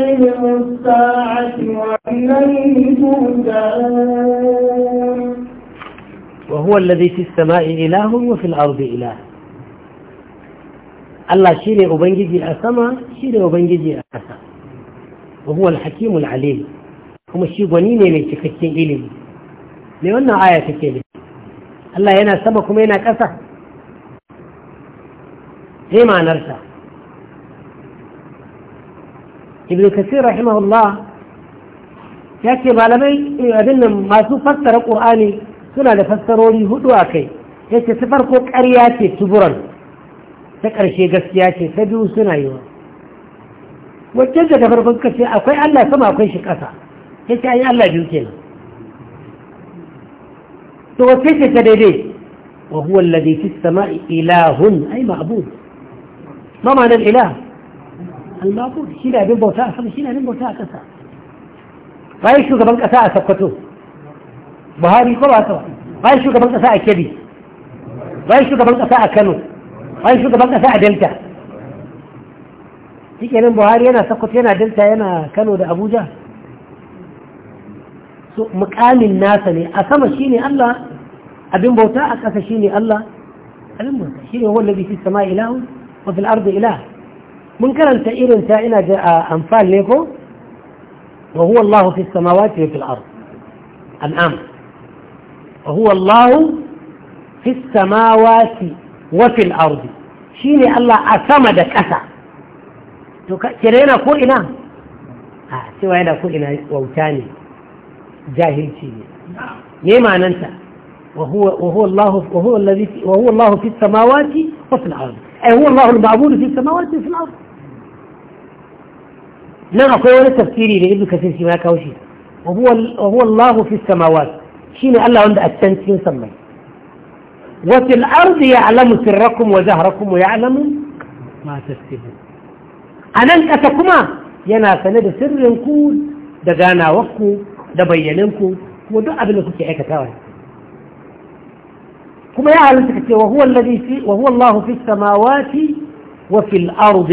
علم الساعة وإليه ترجعون وهو الذي في السماء إله وفي الأرض إله الله شيري أبنجي أسما شيري أبنجي أسا وهو الحكيم العليم هم الشيء ونيني من تكتين إلي لأن آية كده الله ينا سمكم ينا كسا زي ما نرسى ابن كثير رحمه الله ya ce malamai abin nan masu fassara ƙur'ani suna da fassarori hudu a kai ya ce ta farko ƙarya ce tuburan ta ƙarshe gaskiya ce ta biyu suna yi wa wajen da farkon kace akwai Allah sama akwai shi ƙasa ya ce an yi Allah biyu kenan to wace ce ta daidai wa huwa alladhi fi samai ilahun ai ma'bud ma ma'anar ilah al-ma'bud shi ne abin bauta a sama shi ne abin bauta a ƙasa bayan shugaban ƙasa a sakkwato buhari ko ba ba bayan shugaban kasa a kebbi bayan shugaban kasa a kano bayan shugaban kasa a delta shikenan buhari yana sakkwato yana delta yana kano da abuja so mukamin nasa ne a sama shine allah abin bauta a ƙasa shine allah abin bauta shine wanda bi fi sama ilahu wa fil ardi ilah mun karanta irin ta ina da amfal ne ko wa huwa allah fi samawati wa fil ardi an'am فهو الله في السماوات وفي الأرض شيني الله أسمد كسا كرينا كوئنا آه سوى هنا كوئنا ووتاني جاهل شيني ليه ننسى وهو وهو الله وهو الذي وهو الله في السماوات وفي الأرض أي هو الله المعبود في السماوات وفي الأرض نعم أقول تفسيري لابن كثير ما كوشي وهو وهو الله في السماوات شيني الله عند التنسين سمي وفي الأرض يعلم سركم وزهركم ويعلم ما تستبون أنا أنت أتكما ينا سند سركم دقانا وقو دبينكم ودو أبنك في عيكة تاوي كما يعلم سكتي وهو, الذي في وهو الله في السماوات وفي الأرض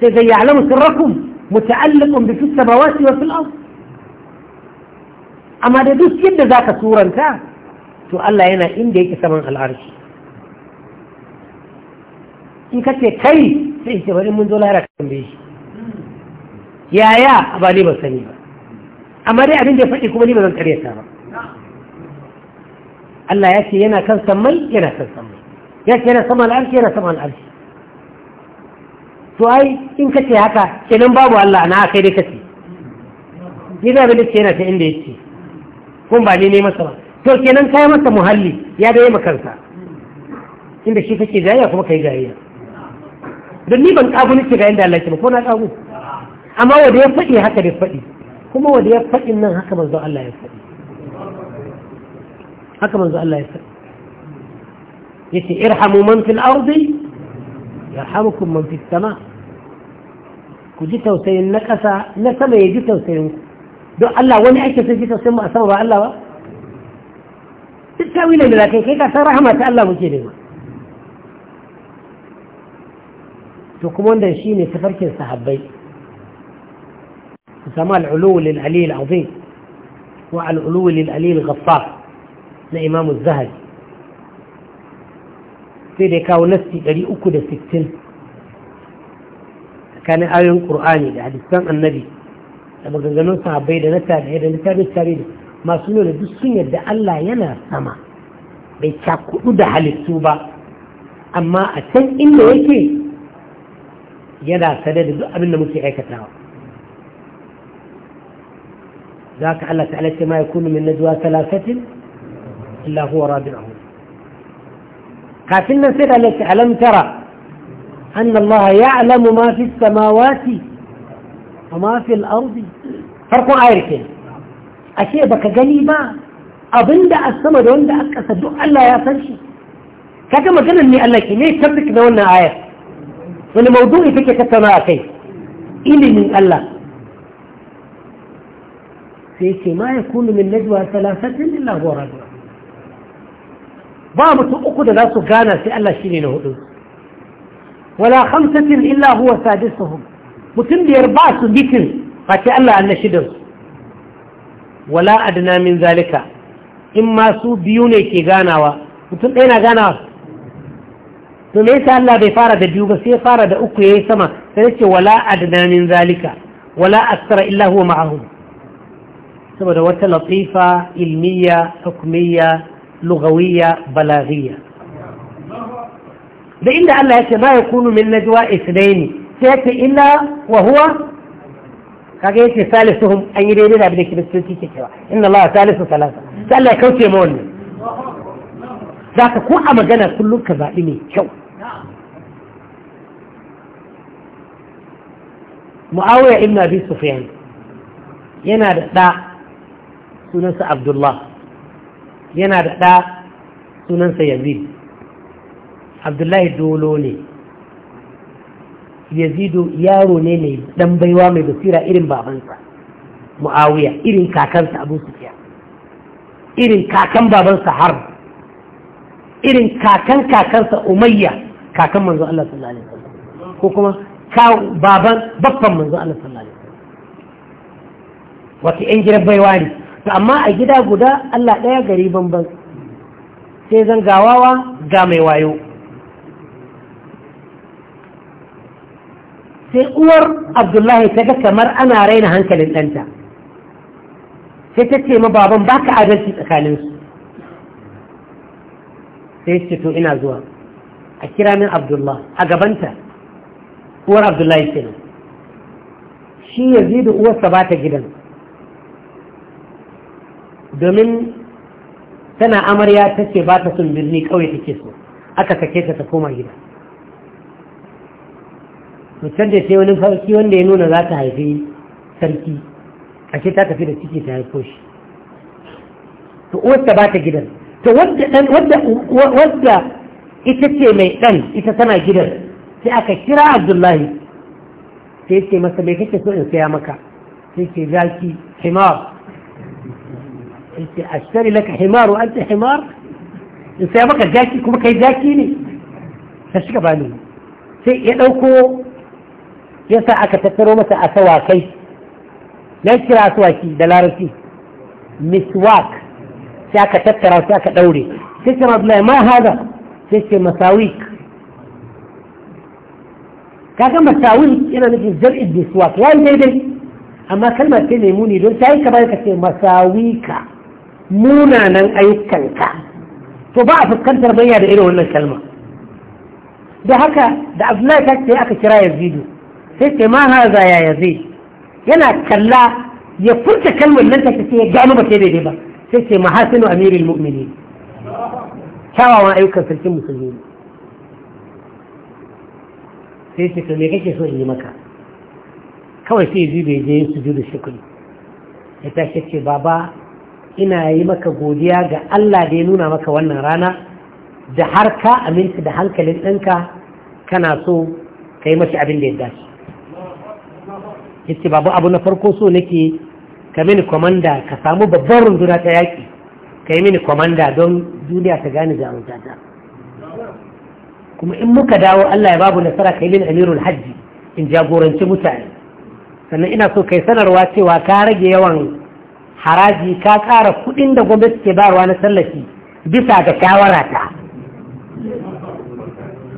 سيدي يعلم سركم متعلق بفي السماوات وفي الأرض amma da duk yadda za ka suranta to Allah yana inda yake saman al'arshi in ka ce kai sai ce bari mun zo lahira ka tambaye shi yaya ba ne ba sani ba amma dai abin da ya faɗi kuma ni ba zan karyata ba Allah ya ce yana kan sammai yana kan sammai ya ce yana saman al'arshi yana saman al'arshi to ai in ka ce haka kenan babu Allah na kai dai kace ni da abin da ce yana ta inda yake kun ba ni ne masa ba to kenan kai masa muhalli ya ga yayin makarsa inda shi kake jayayya kuma kai jayayya don ni ban kagu nake ga inda Allah ke ba ko na kagu amma wanda ya faɗi haka da faɗi kuma wanda ya faɗi nan haka manzo Allah ya faɗi haka manzo Allah ya faɗi yace irhamu man fil ardi yarhamukum man fis sama ku ji tausayin na ƙasa na sama ya ji tausayin ku don Allah wani ake sai jika sun ba a sama ba Allah ba duk tawilin da kai kai ka san rahama ta Allah muke nema to kuma wannan shine tafarkin sahabbai sama al-ulu lil ali al-azim wa al-ulu lil ali al-ghaffar na imam az-zahabi sai da kawo nasti 360 tsakanin ayoyin qur'ani da hadisan annabi da maganganun sahabbai da na tarihi da littafin tarihi masu nuna duk sun yadda Allah yana sama bai cakudu da halittu ba amma a can inda yake yana sanar da duk abin da muke aikatawa za ka Allah ta'ala ce ma ya kunu min najwa talafatin illa huwa rabi'uhu kafin nan sai da Allah ce an tara anna Allah ya'lamu ma fi samawati وما في الأرض farkon ayar ke ashe baka gani ba abinda a sama da wanda a ƙasa duk Allah ya san shi kaga maganar ne Allah ke ne tabbik na wannan ayar wani maudu'i take tattauna a kai ilimin Allah sai ce ma yakunu min najwa thalathatin illa gora rajul ba mutum uku da za su gana sai Allah shine na hudu wala khamsatin illa huwa sadisuhum mutum biyar ba su bitin face Allah an na shidansu wala adana min zalika in ma su biyu ne ke ganawa mutum ɗaya na ganawa to me yasa Allah bai fara da biyu ba sai fara da uku yayi sama sai ce wala adana min zalika wala aksara illa huwa ma'ahum saboda wata latifa ilmiya hukmiya lugawiyya balaghiyya da inda Allah yake ma yakunu min najwa ithnaini sai illa wa huwa kaga yace salisuhum an yi daidai da abin da kiristoci ke cewa inna Allah salisu salasa sai Allah ya kauce ma wannan zaka ko a magana kullum ka zaɓi ne kyau mu'awiya ibn abi sufyan yana da ɗa sunansa abdullah yana da ɗa sunansa yazid abdullahi dolo ne yazidu yaro ne mai dan baiwa mai basira irin babansa muawiya irin kakansa abu sufiya irin kakan babansa har irin kakan kakansa umayya kakan manzo Allah sallallahu alaihi wasallam ko kuma ka baban baffan manzo Allah sallallahu alaihi wasallam wato in gidan baiwa ne to amma a gida guda Allah daya gari banban sai zangawawa ga mai wayo sai uwar abdullahi ta ga kamar ana raina hankalin ɗanta sai ta ce ma baban ba ka adalci tsakaninsu sai ce to ina zuwa a kira min abdullah a gabanta uwar abdullahi nan, shi ya zidu uwarsa ba ta gidan domin tana amarya ta ce ba ta sun birni kawai take so aka sake ta ta koma gida mutar da sai wani farki wanda ya nuna za ta haifi sarki ashe ta tafi da ciki ta haifo shi to wadda ba ta gidan to wadda ita ce mai dan ita tana gidan sai aka kira abdullahi sai ce masa mai kake so in saya maka sai ce ki himar sai ce shari laka himar wa anta himar in saya maka zaki kuma kai zaki ne ta shiga bani sai ya ɗauko yasa aka tattaro masa a sawakai na kira suwaki da larabci miswak sai aka tattara sai aka daure sai ce rabbi ma haza sai ce masawik kaga masawik yana nufin zar'id miswak yayi daidai amma kalmar ce nemi muni don ta yi kamar ka ce masawika munanan ayyukanka to ba a fuskantar manya da irin wannan kalma da haka da abdullahi ta yi aka kira yanzu sai ce ma haza ya ya yana kalla ya furta kalmar nan take sai ya gano ba sai daidai ba sai ce mahasinu amirul mu'minin kyawawan ayyukan sarkin musulmi sai ce to me kake so in yi maka kawai sai ji bai je su shi shukuri ya tashi ce baba ina yi maka godiya ga Allah da ya nuna maka wannan rana da har ka aminta da hankalin ɗinka kana so ka yi mashi abin da ya dace yace babu abu na farko so nake ka mini komanda ka samu babbar runduna ta yaki ka yi mini komanda don duniya ta gane jarumta ta kuma in muka dawo Allah ya babu nasara ka yi mini amirul hajji in jagoranci mutane sannan ina so kai sanarwa cewa ka rage yawan haraji ka kara kuɗin da gwamnati ke bayarwa na tallafi bisa ga kawara ta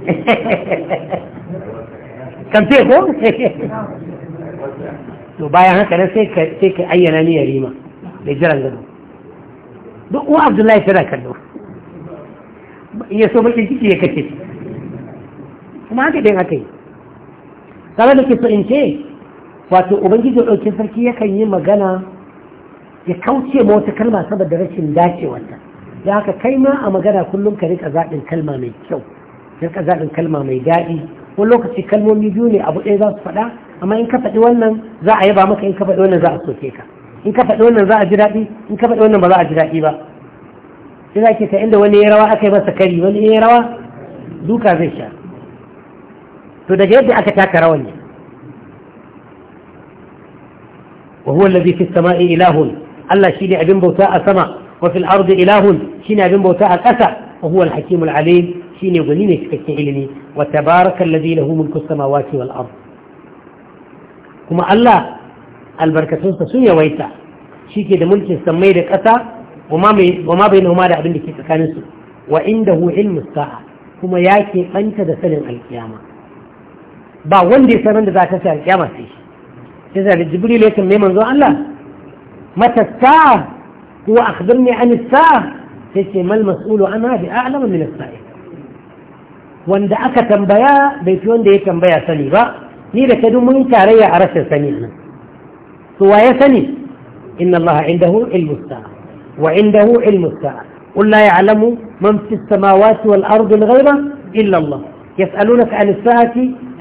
ko to bayan haka nan sai ka ayyana ni yarima da jiran gado duk uwa abdullahi tana kallo iya so bakin ciki ya kace kuma haka din haka yi saboda da ke so in ce wato ubangiji ɗaukin sarki yakan yi magana ya kauce ma wata kalma saboda rashin dacewarta da haka kai ma a magana kullum ka rika zaɓin kalma mai kyau ka rika zaɓin kalma mai daɗi wani lokaci kalmomi biyu ne abu ɗaya za su faɗa amma in ka faɗi wannan za a yaba maka in ka faɗi wannan za a soke ka in ka faɗi wannan za a ji daɗi in ka faɗi wannan ba za a ji daɗi ba sai za ke ta inda wani ya rawa aka yi masa kari wani ya rawa duka zai sha to daga yadda aka taka rawan ne wa huwa allazi fi samai ilahun Allah shine abin bauta a sama wa fil ardi ilahun shine abin bauta a ƙasa wa huwa al-hakimul alim shine gwani ne cikakken ilimi wa tabaraka allazi lahu mulku samawati wal ardh kuma Allah albarkatunsa sun yawaita shi ke da mulkin sammai da ƙasa wa ma bai noma da abin da ke tsakaninsu wa inda hu sa'a kuma ya ke ɓanta da sanin alkiyama ba wanda ya san da za ta sa alkiyama sai shi sai zai da jibril ya kan neman zuwa Allah mata sa'a kuwa akhbirni an sa'a sai ce mal mas'ulu ana bi a'lama min as-sa'i wanda aka tambaya bai fi wanda ya tambaya sani ba ني لكدو منكر يا عرش سنين سوايا يسني إن الله عنده علم الساعة وعنده علم الساعة قل لا يعلم من في السماوات والأرض الغيبة إلا الله يسألونك عن الساعة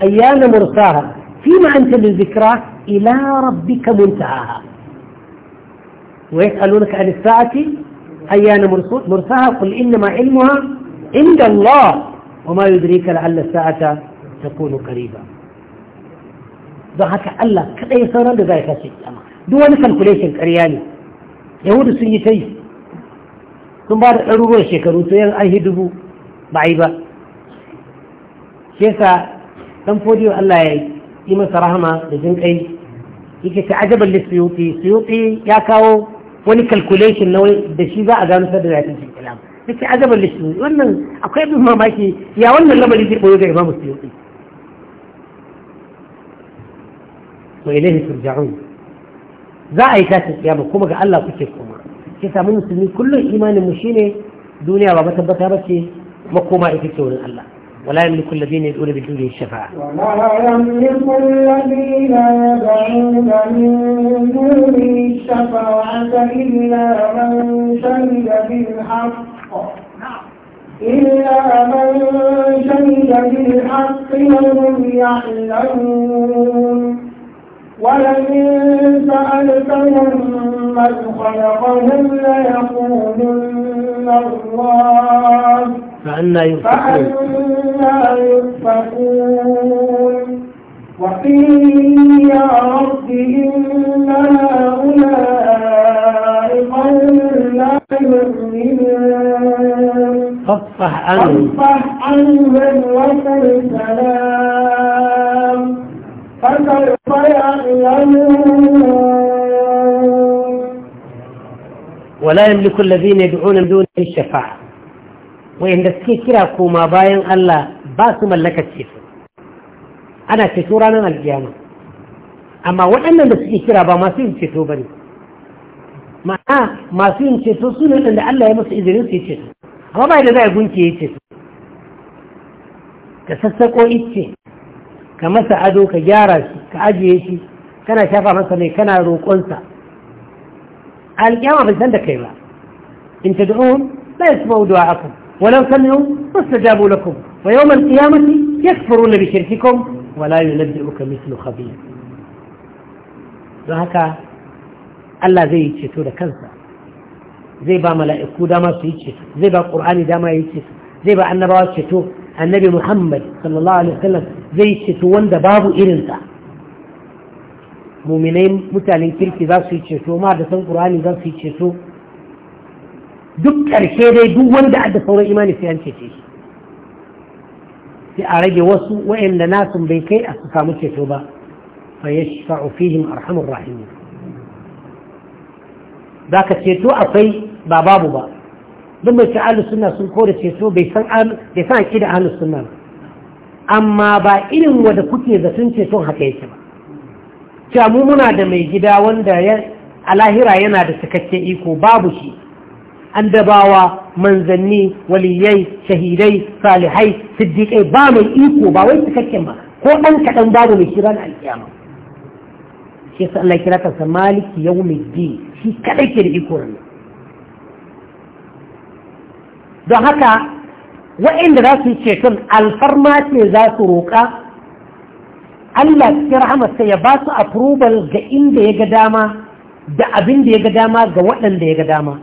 أيان مرساها فيما أنت من ذكرى إلى ربك منتهاها ويسألونك عن الساعة أيان مرساها قل إنما علمها عند الله وما يدريك لعل الساعة تكون قريبا don haka Allah kaɗai sauran da za ya kashe kiyama duk wani calculation ƙarya ne yahudu sun yi ta yi sun ba da ɗaruruwan shekaru to yan an dubu ba yi ba shi yasa dan fodiyo Allah ya yi masa rahama da jin kai yake ta ajabar da suyuti suyuti ya kawo wani calculation na da shi za a gano sadda da yakin kiyama yake ajabar da suyuti wannan akwai abin mamaki ya wannan lamari zai koyo ga imamu suyuti وإليه ترجعون زعي كاتب يا بكم الله كتبكم كتا المسلمين كل إيمان المشينة دنيا وبتا بتا بتا مقوما إفكتون الله ولا يملك الذين يدعون بدونه الشفاعة ولا يملك الذين يدعون من دونه الشفاعة إلا من شهد بالحق إلا من شهد بالحق وهم يعلمون ولئن سألتهم من خلقهم ليقولن الله فأنا يؤفكون وقيل يا رب إن هؤلاء قوم لا يؤمنون فاصفح عنهم فاصفح عنهم وكل ولا يملك الذين يدعون من دونه الشفاعة وإن دسكي كرا كوما باين الله باس ملكة شفاعة أنا تشورا من القيامة أما وأن دسكي كرا با ما سين شفاعة ما ما سين شفاعة سنة أن الله يمس إذن سي شفاعة أما باين ذا يقول كي شفاعة كسسكو إيش كمسا أدو كجارة ka ajiye shi kana shafa masa mai kana roƙonsa alƙiyama bai san da kai ba in ta da'un la yasma'u du'a'akum wa law sami'u fastajabu lakum wa yawm al-qiyamati yakfuruna bi shirkikum wa la yunabbi'uka mithlu khabir don haka Allah zai yi ceto da kansa zai ba mala'iku dama su yi ceto zai ba ƙur'ani dama ya yi ceto zai ba annabawa ceto annabi Muhammad sallallahu alaihi wasallam zai ceto wanda babu irinsa muminai mutanen kirki za su yi ceto ma da san ƙur'ani za su yi ceto duk ƙarshe dai duk wanda da sauran imani sai an cece shi sai a rage wasu wa'anda nasun bai kai a su samu ceto ba fa yashfa'u fihim arhamur za ka ceto akwai ba babu ba duk mai ta'alu suna sun kore ceto bai san bai san akida ahlus sunna amma ba irin wanda kuke zaton ceton haka yake ba cewa mu muna da mai gida wanda a lahira yana da cikakken iko babu shi an dabawa manzanni waliyai shahidai salihai siddiƙai ba mai iko ba wai cikakken ba ko ɗan kaɗan babu mai shirar alƙiyama shi sa Allah kira kansa maliki yau mai bi shi kaɗai ke da iko nan don haka wa'inda za su yi ceton alfarma ce za su roƙa Allah cikin rahamarsa ya ba su approval ga inda ya ga dama da abin da ya ga dama ga waɗanda ya ga dama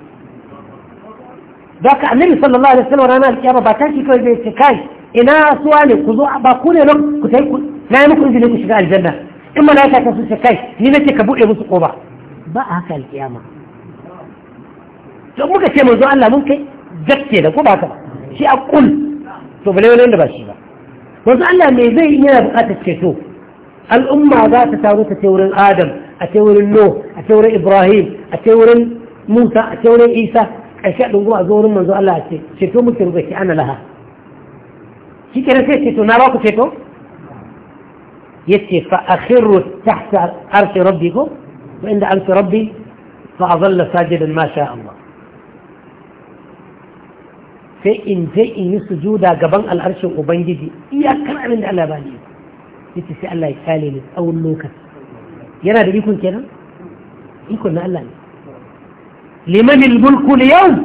da ka annabi sallallahu alaihi wasallam ranar alkiyama ba tashi kawai zai ce kai ina suwa ne ku zo ba ku ne nan ku sai ku na yi muku izini ku shiga aljanna in malaika ta su ce kai ni nake ka buɗe musu ƙoba ba a haka alkiyama to muka ce manzo Allah mun kai jakke da ku ba ka shi a kul to bale wanda ba shi ba manzo Allah me zai yi yana buƙatar ceto al'umma za ta taru ta wurin adam a ce wurin no a ce wurin ibrahim a ce wurin musa a ce wurin isa ƙarshe a dungu a zo wurin manzo Allah ce ceto muke ruga ki ana laha shi kenan sai ceto na ba ku ceto yace fa akhiru tahta arshi ko wa inda arshi rabbi fa azalla sajidan ma sha Allah sai in je in yi sujuda gaban al'arshin ubangiji iya iyakar abin da Allah bani yace sai Allah ya kyale ni tsawon lokaci yana da ikon kenan ikon na Allah ne liman al-mulku al-yawm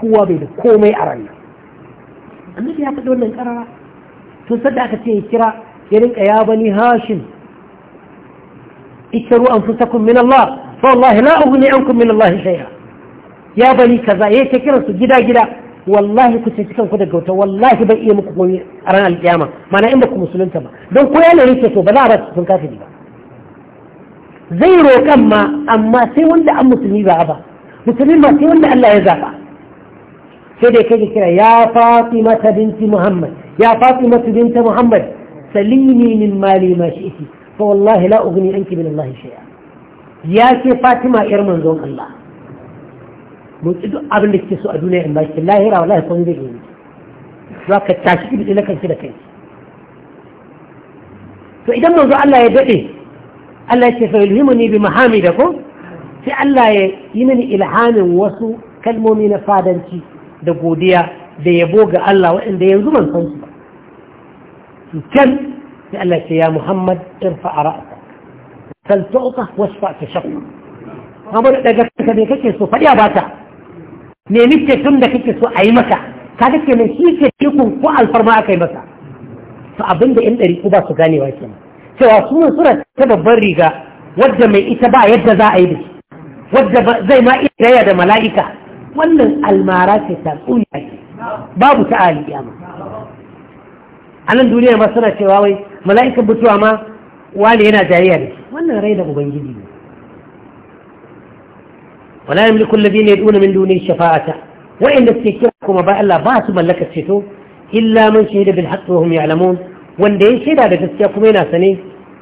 kowa bai da komai a ranna. annabi ya faɗi wannan karara to sadda aka ce ya kira ya rinka ya bani hashim ikkaru anfusakum min Allah fa wallahi la ughni ankum min Allah shay'a ya bani kaza yake kira su gida gida wallahi ku ceci kanku daga wuta wallahi bai iya muku komai a ranar alkiyama mana in ba ku musulunta ba don ko yana rike to ba za a ba sun kafiri ba zai roƙan ma amma sai wanda an musulmi ba ba musulmi ma sai wanda Allah ya zaɓa. sai dai kai kira ya Fatima ta binti Muhammad ya Fatima ta binti Muhammad salini min mali ma shi'ti fa wallahi la ughni anki min Allah shay'a ya ce Fatima yar manzon Allah roƙi duk abin da kike so a duniya in ba ki lahira wallahi kun zai yi za ka tashi ki bi kanki da kanki to idan manzo Allah ya dade Allah ya ce fa yulhimuni bi mahamidakum sai Allah ya yi mini ilhamin wasu kalmomi na fadanci da godiya da yabo ga Allah waɗanda yanzu ban san su ba can sai Allah ce ya Muhammad irfa ra'sa sal tu'ta wasfa tashaqqa amma daga kake kake so fadiya bata me nike tun da kake so a yi maka ka kake mai shi ke tikun ko alfarma aka yi masa to abin da yan ɗari ku ba su ganewa ke cewa su mun suna ta babban riga wadda mai ita ba yadda za a yi da shi wadda zai ma iya da mala'ika wannan almara ce ta tsuniya ce babu ta aliya ma a nan duniya ma suna cewa wai mala'ikan mutuwa ma wani yana jariya da shi wannan rai da ubangiji ne wala yamliku alladhina yad'una min dunihi shafa'ata wa suke kira kuma ba Allah ba su mallakar ceto illa man shahida bil wa hum ya'lamun wanda ya shaida da gaskiya kuma yana sane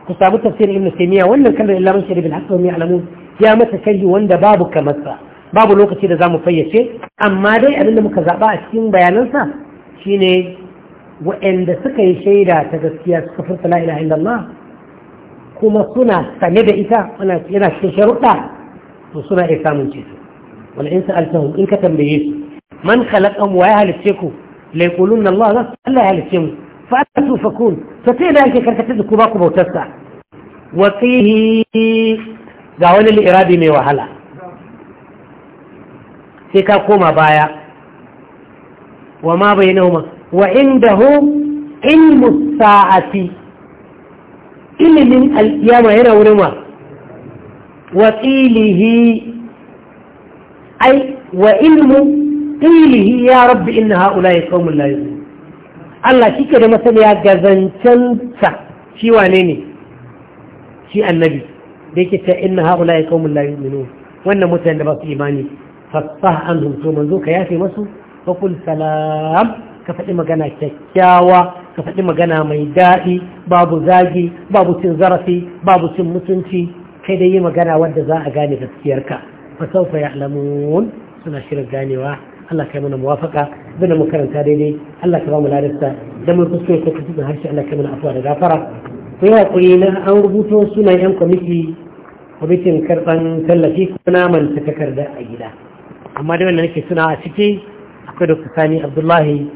ku samu tafsirin ibn taymiya wannan kalmar illa man shahida bil wa hum ya'lamun ya masa sharhi wanda babu kamar sa babu lokaci da zamu fayyace amma dai abin da muka zaba a cikin bayanansa shine wa'anda suka yi shaida ta gaskiya suka furta la ilaha illallah kuma suna sane da ita yana cikin sharuɗa to suna iya samun ceto Wani in sa'altahum in ka tambaye su man khalaqahum wa ya halice ku la yaquluna Allah Allah ya halice mu fa atu fakun to sai da yake karkata da ku ba ku bautar sa wa fihi ga wani li'irabi mai wahala sai ka koma baya wa ma bainahuma wa inda indahum ilmu sa'ati ilimin alkiyama yana wurin wa وقيله أي وعلم قيله يا رب إن هؤلاء قوم لا يؤمنون Allah shi ke da masaniya ga zancensa shi wane ne shi annabi da yake inna haula ya kaumun la yu'minu wannan mutane da ba su imani fasah an hunto manzo ka yafe masu fa salam ka faɗi magana kyakkyawa ka faɗi magana mai daɗi babu zagi babu cin zarafi babu cin mutunci kai da yi magana wadda za a gane gaskiyarka fa sawfa ya'lamun suna shirin ganewa Allah kai mana muwafaka bana mu karanta daidai Allah ka ba mu ladarsa da mun kuskure ko harshe Allah kai mana afuwa da gafara ko yi hakuri na an rubuto sunan yan kwamiti kwamitin karban tallafi kuna manta takarda a gida amma da wannan nake suna a ciki akwai da Sani Abdullahi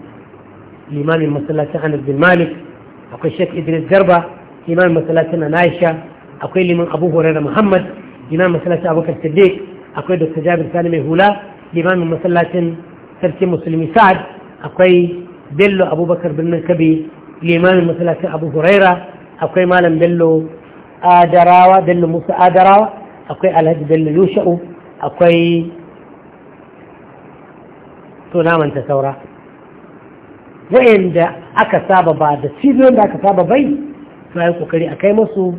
limamin masallacin Anas bin Malik akwai Sheikh Idris Garba limamin masallacin Aisha akwai liman abu da muhammad limamin masallacin abokan siddiq akwai dr jabir sani mai hula liman masallacin sarki musulmi sa'ad akwai bello abubakar birnin kabi limamin masallacin abu huraira akwai malam bello adarawa bello musa adarawa akwai alhaji bello yusha'u akwai tunamanta saura wayanda aka saba ba da cibiyoyin da aka saba bai suna yi kokari a kai musu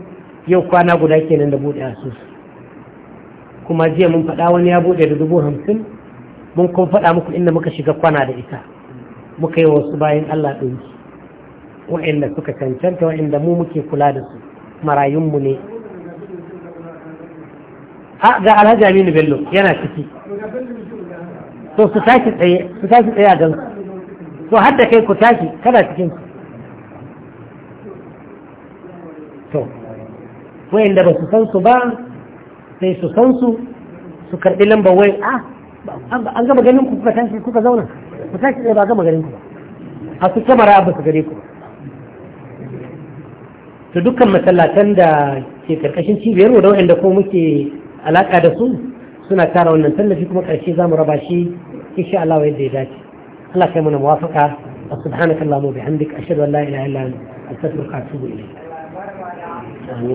yau kwana guda kenan da buɗe asusu kuma jiya mun faɗa wani ya buɗe da dubu hamsin mun kuma faɗa muku inda muka shiga kwana da ita muka yi wasu bayan Allah ɗauki wa'inda suka cancanta wa'inda mu muke kula da su marayunmu ne a ga alhaji aminu bello yana ciki to su tashi tsaye su tashi tsaye a gansu to hadda kai ku tashi kada cikin to wayanda ba su san su ba sai su san su su karɓi lambar wai a an gama ganin ku kuka tashi kuka zauna ku tashi ba gama ganin ku ba a su kamara ba su gare ku to dukkan masallatan da ke karkashin cibiyar da wayanda ko muke alaka da su suna tara wannan tallafi kuma karshe za mu raba shi insha Allah yadda ya dace Allah kai mana muwafaqa subhanakallahumma bihamdika ashhadu an la ilaha illa anta astaghfiruka wa atubu ilayk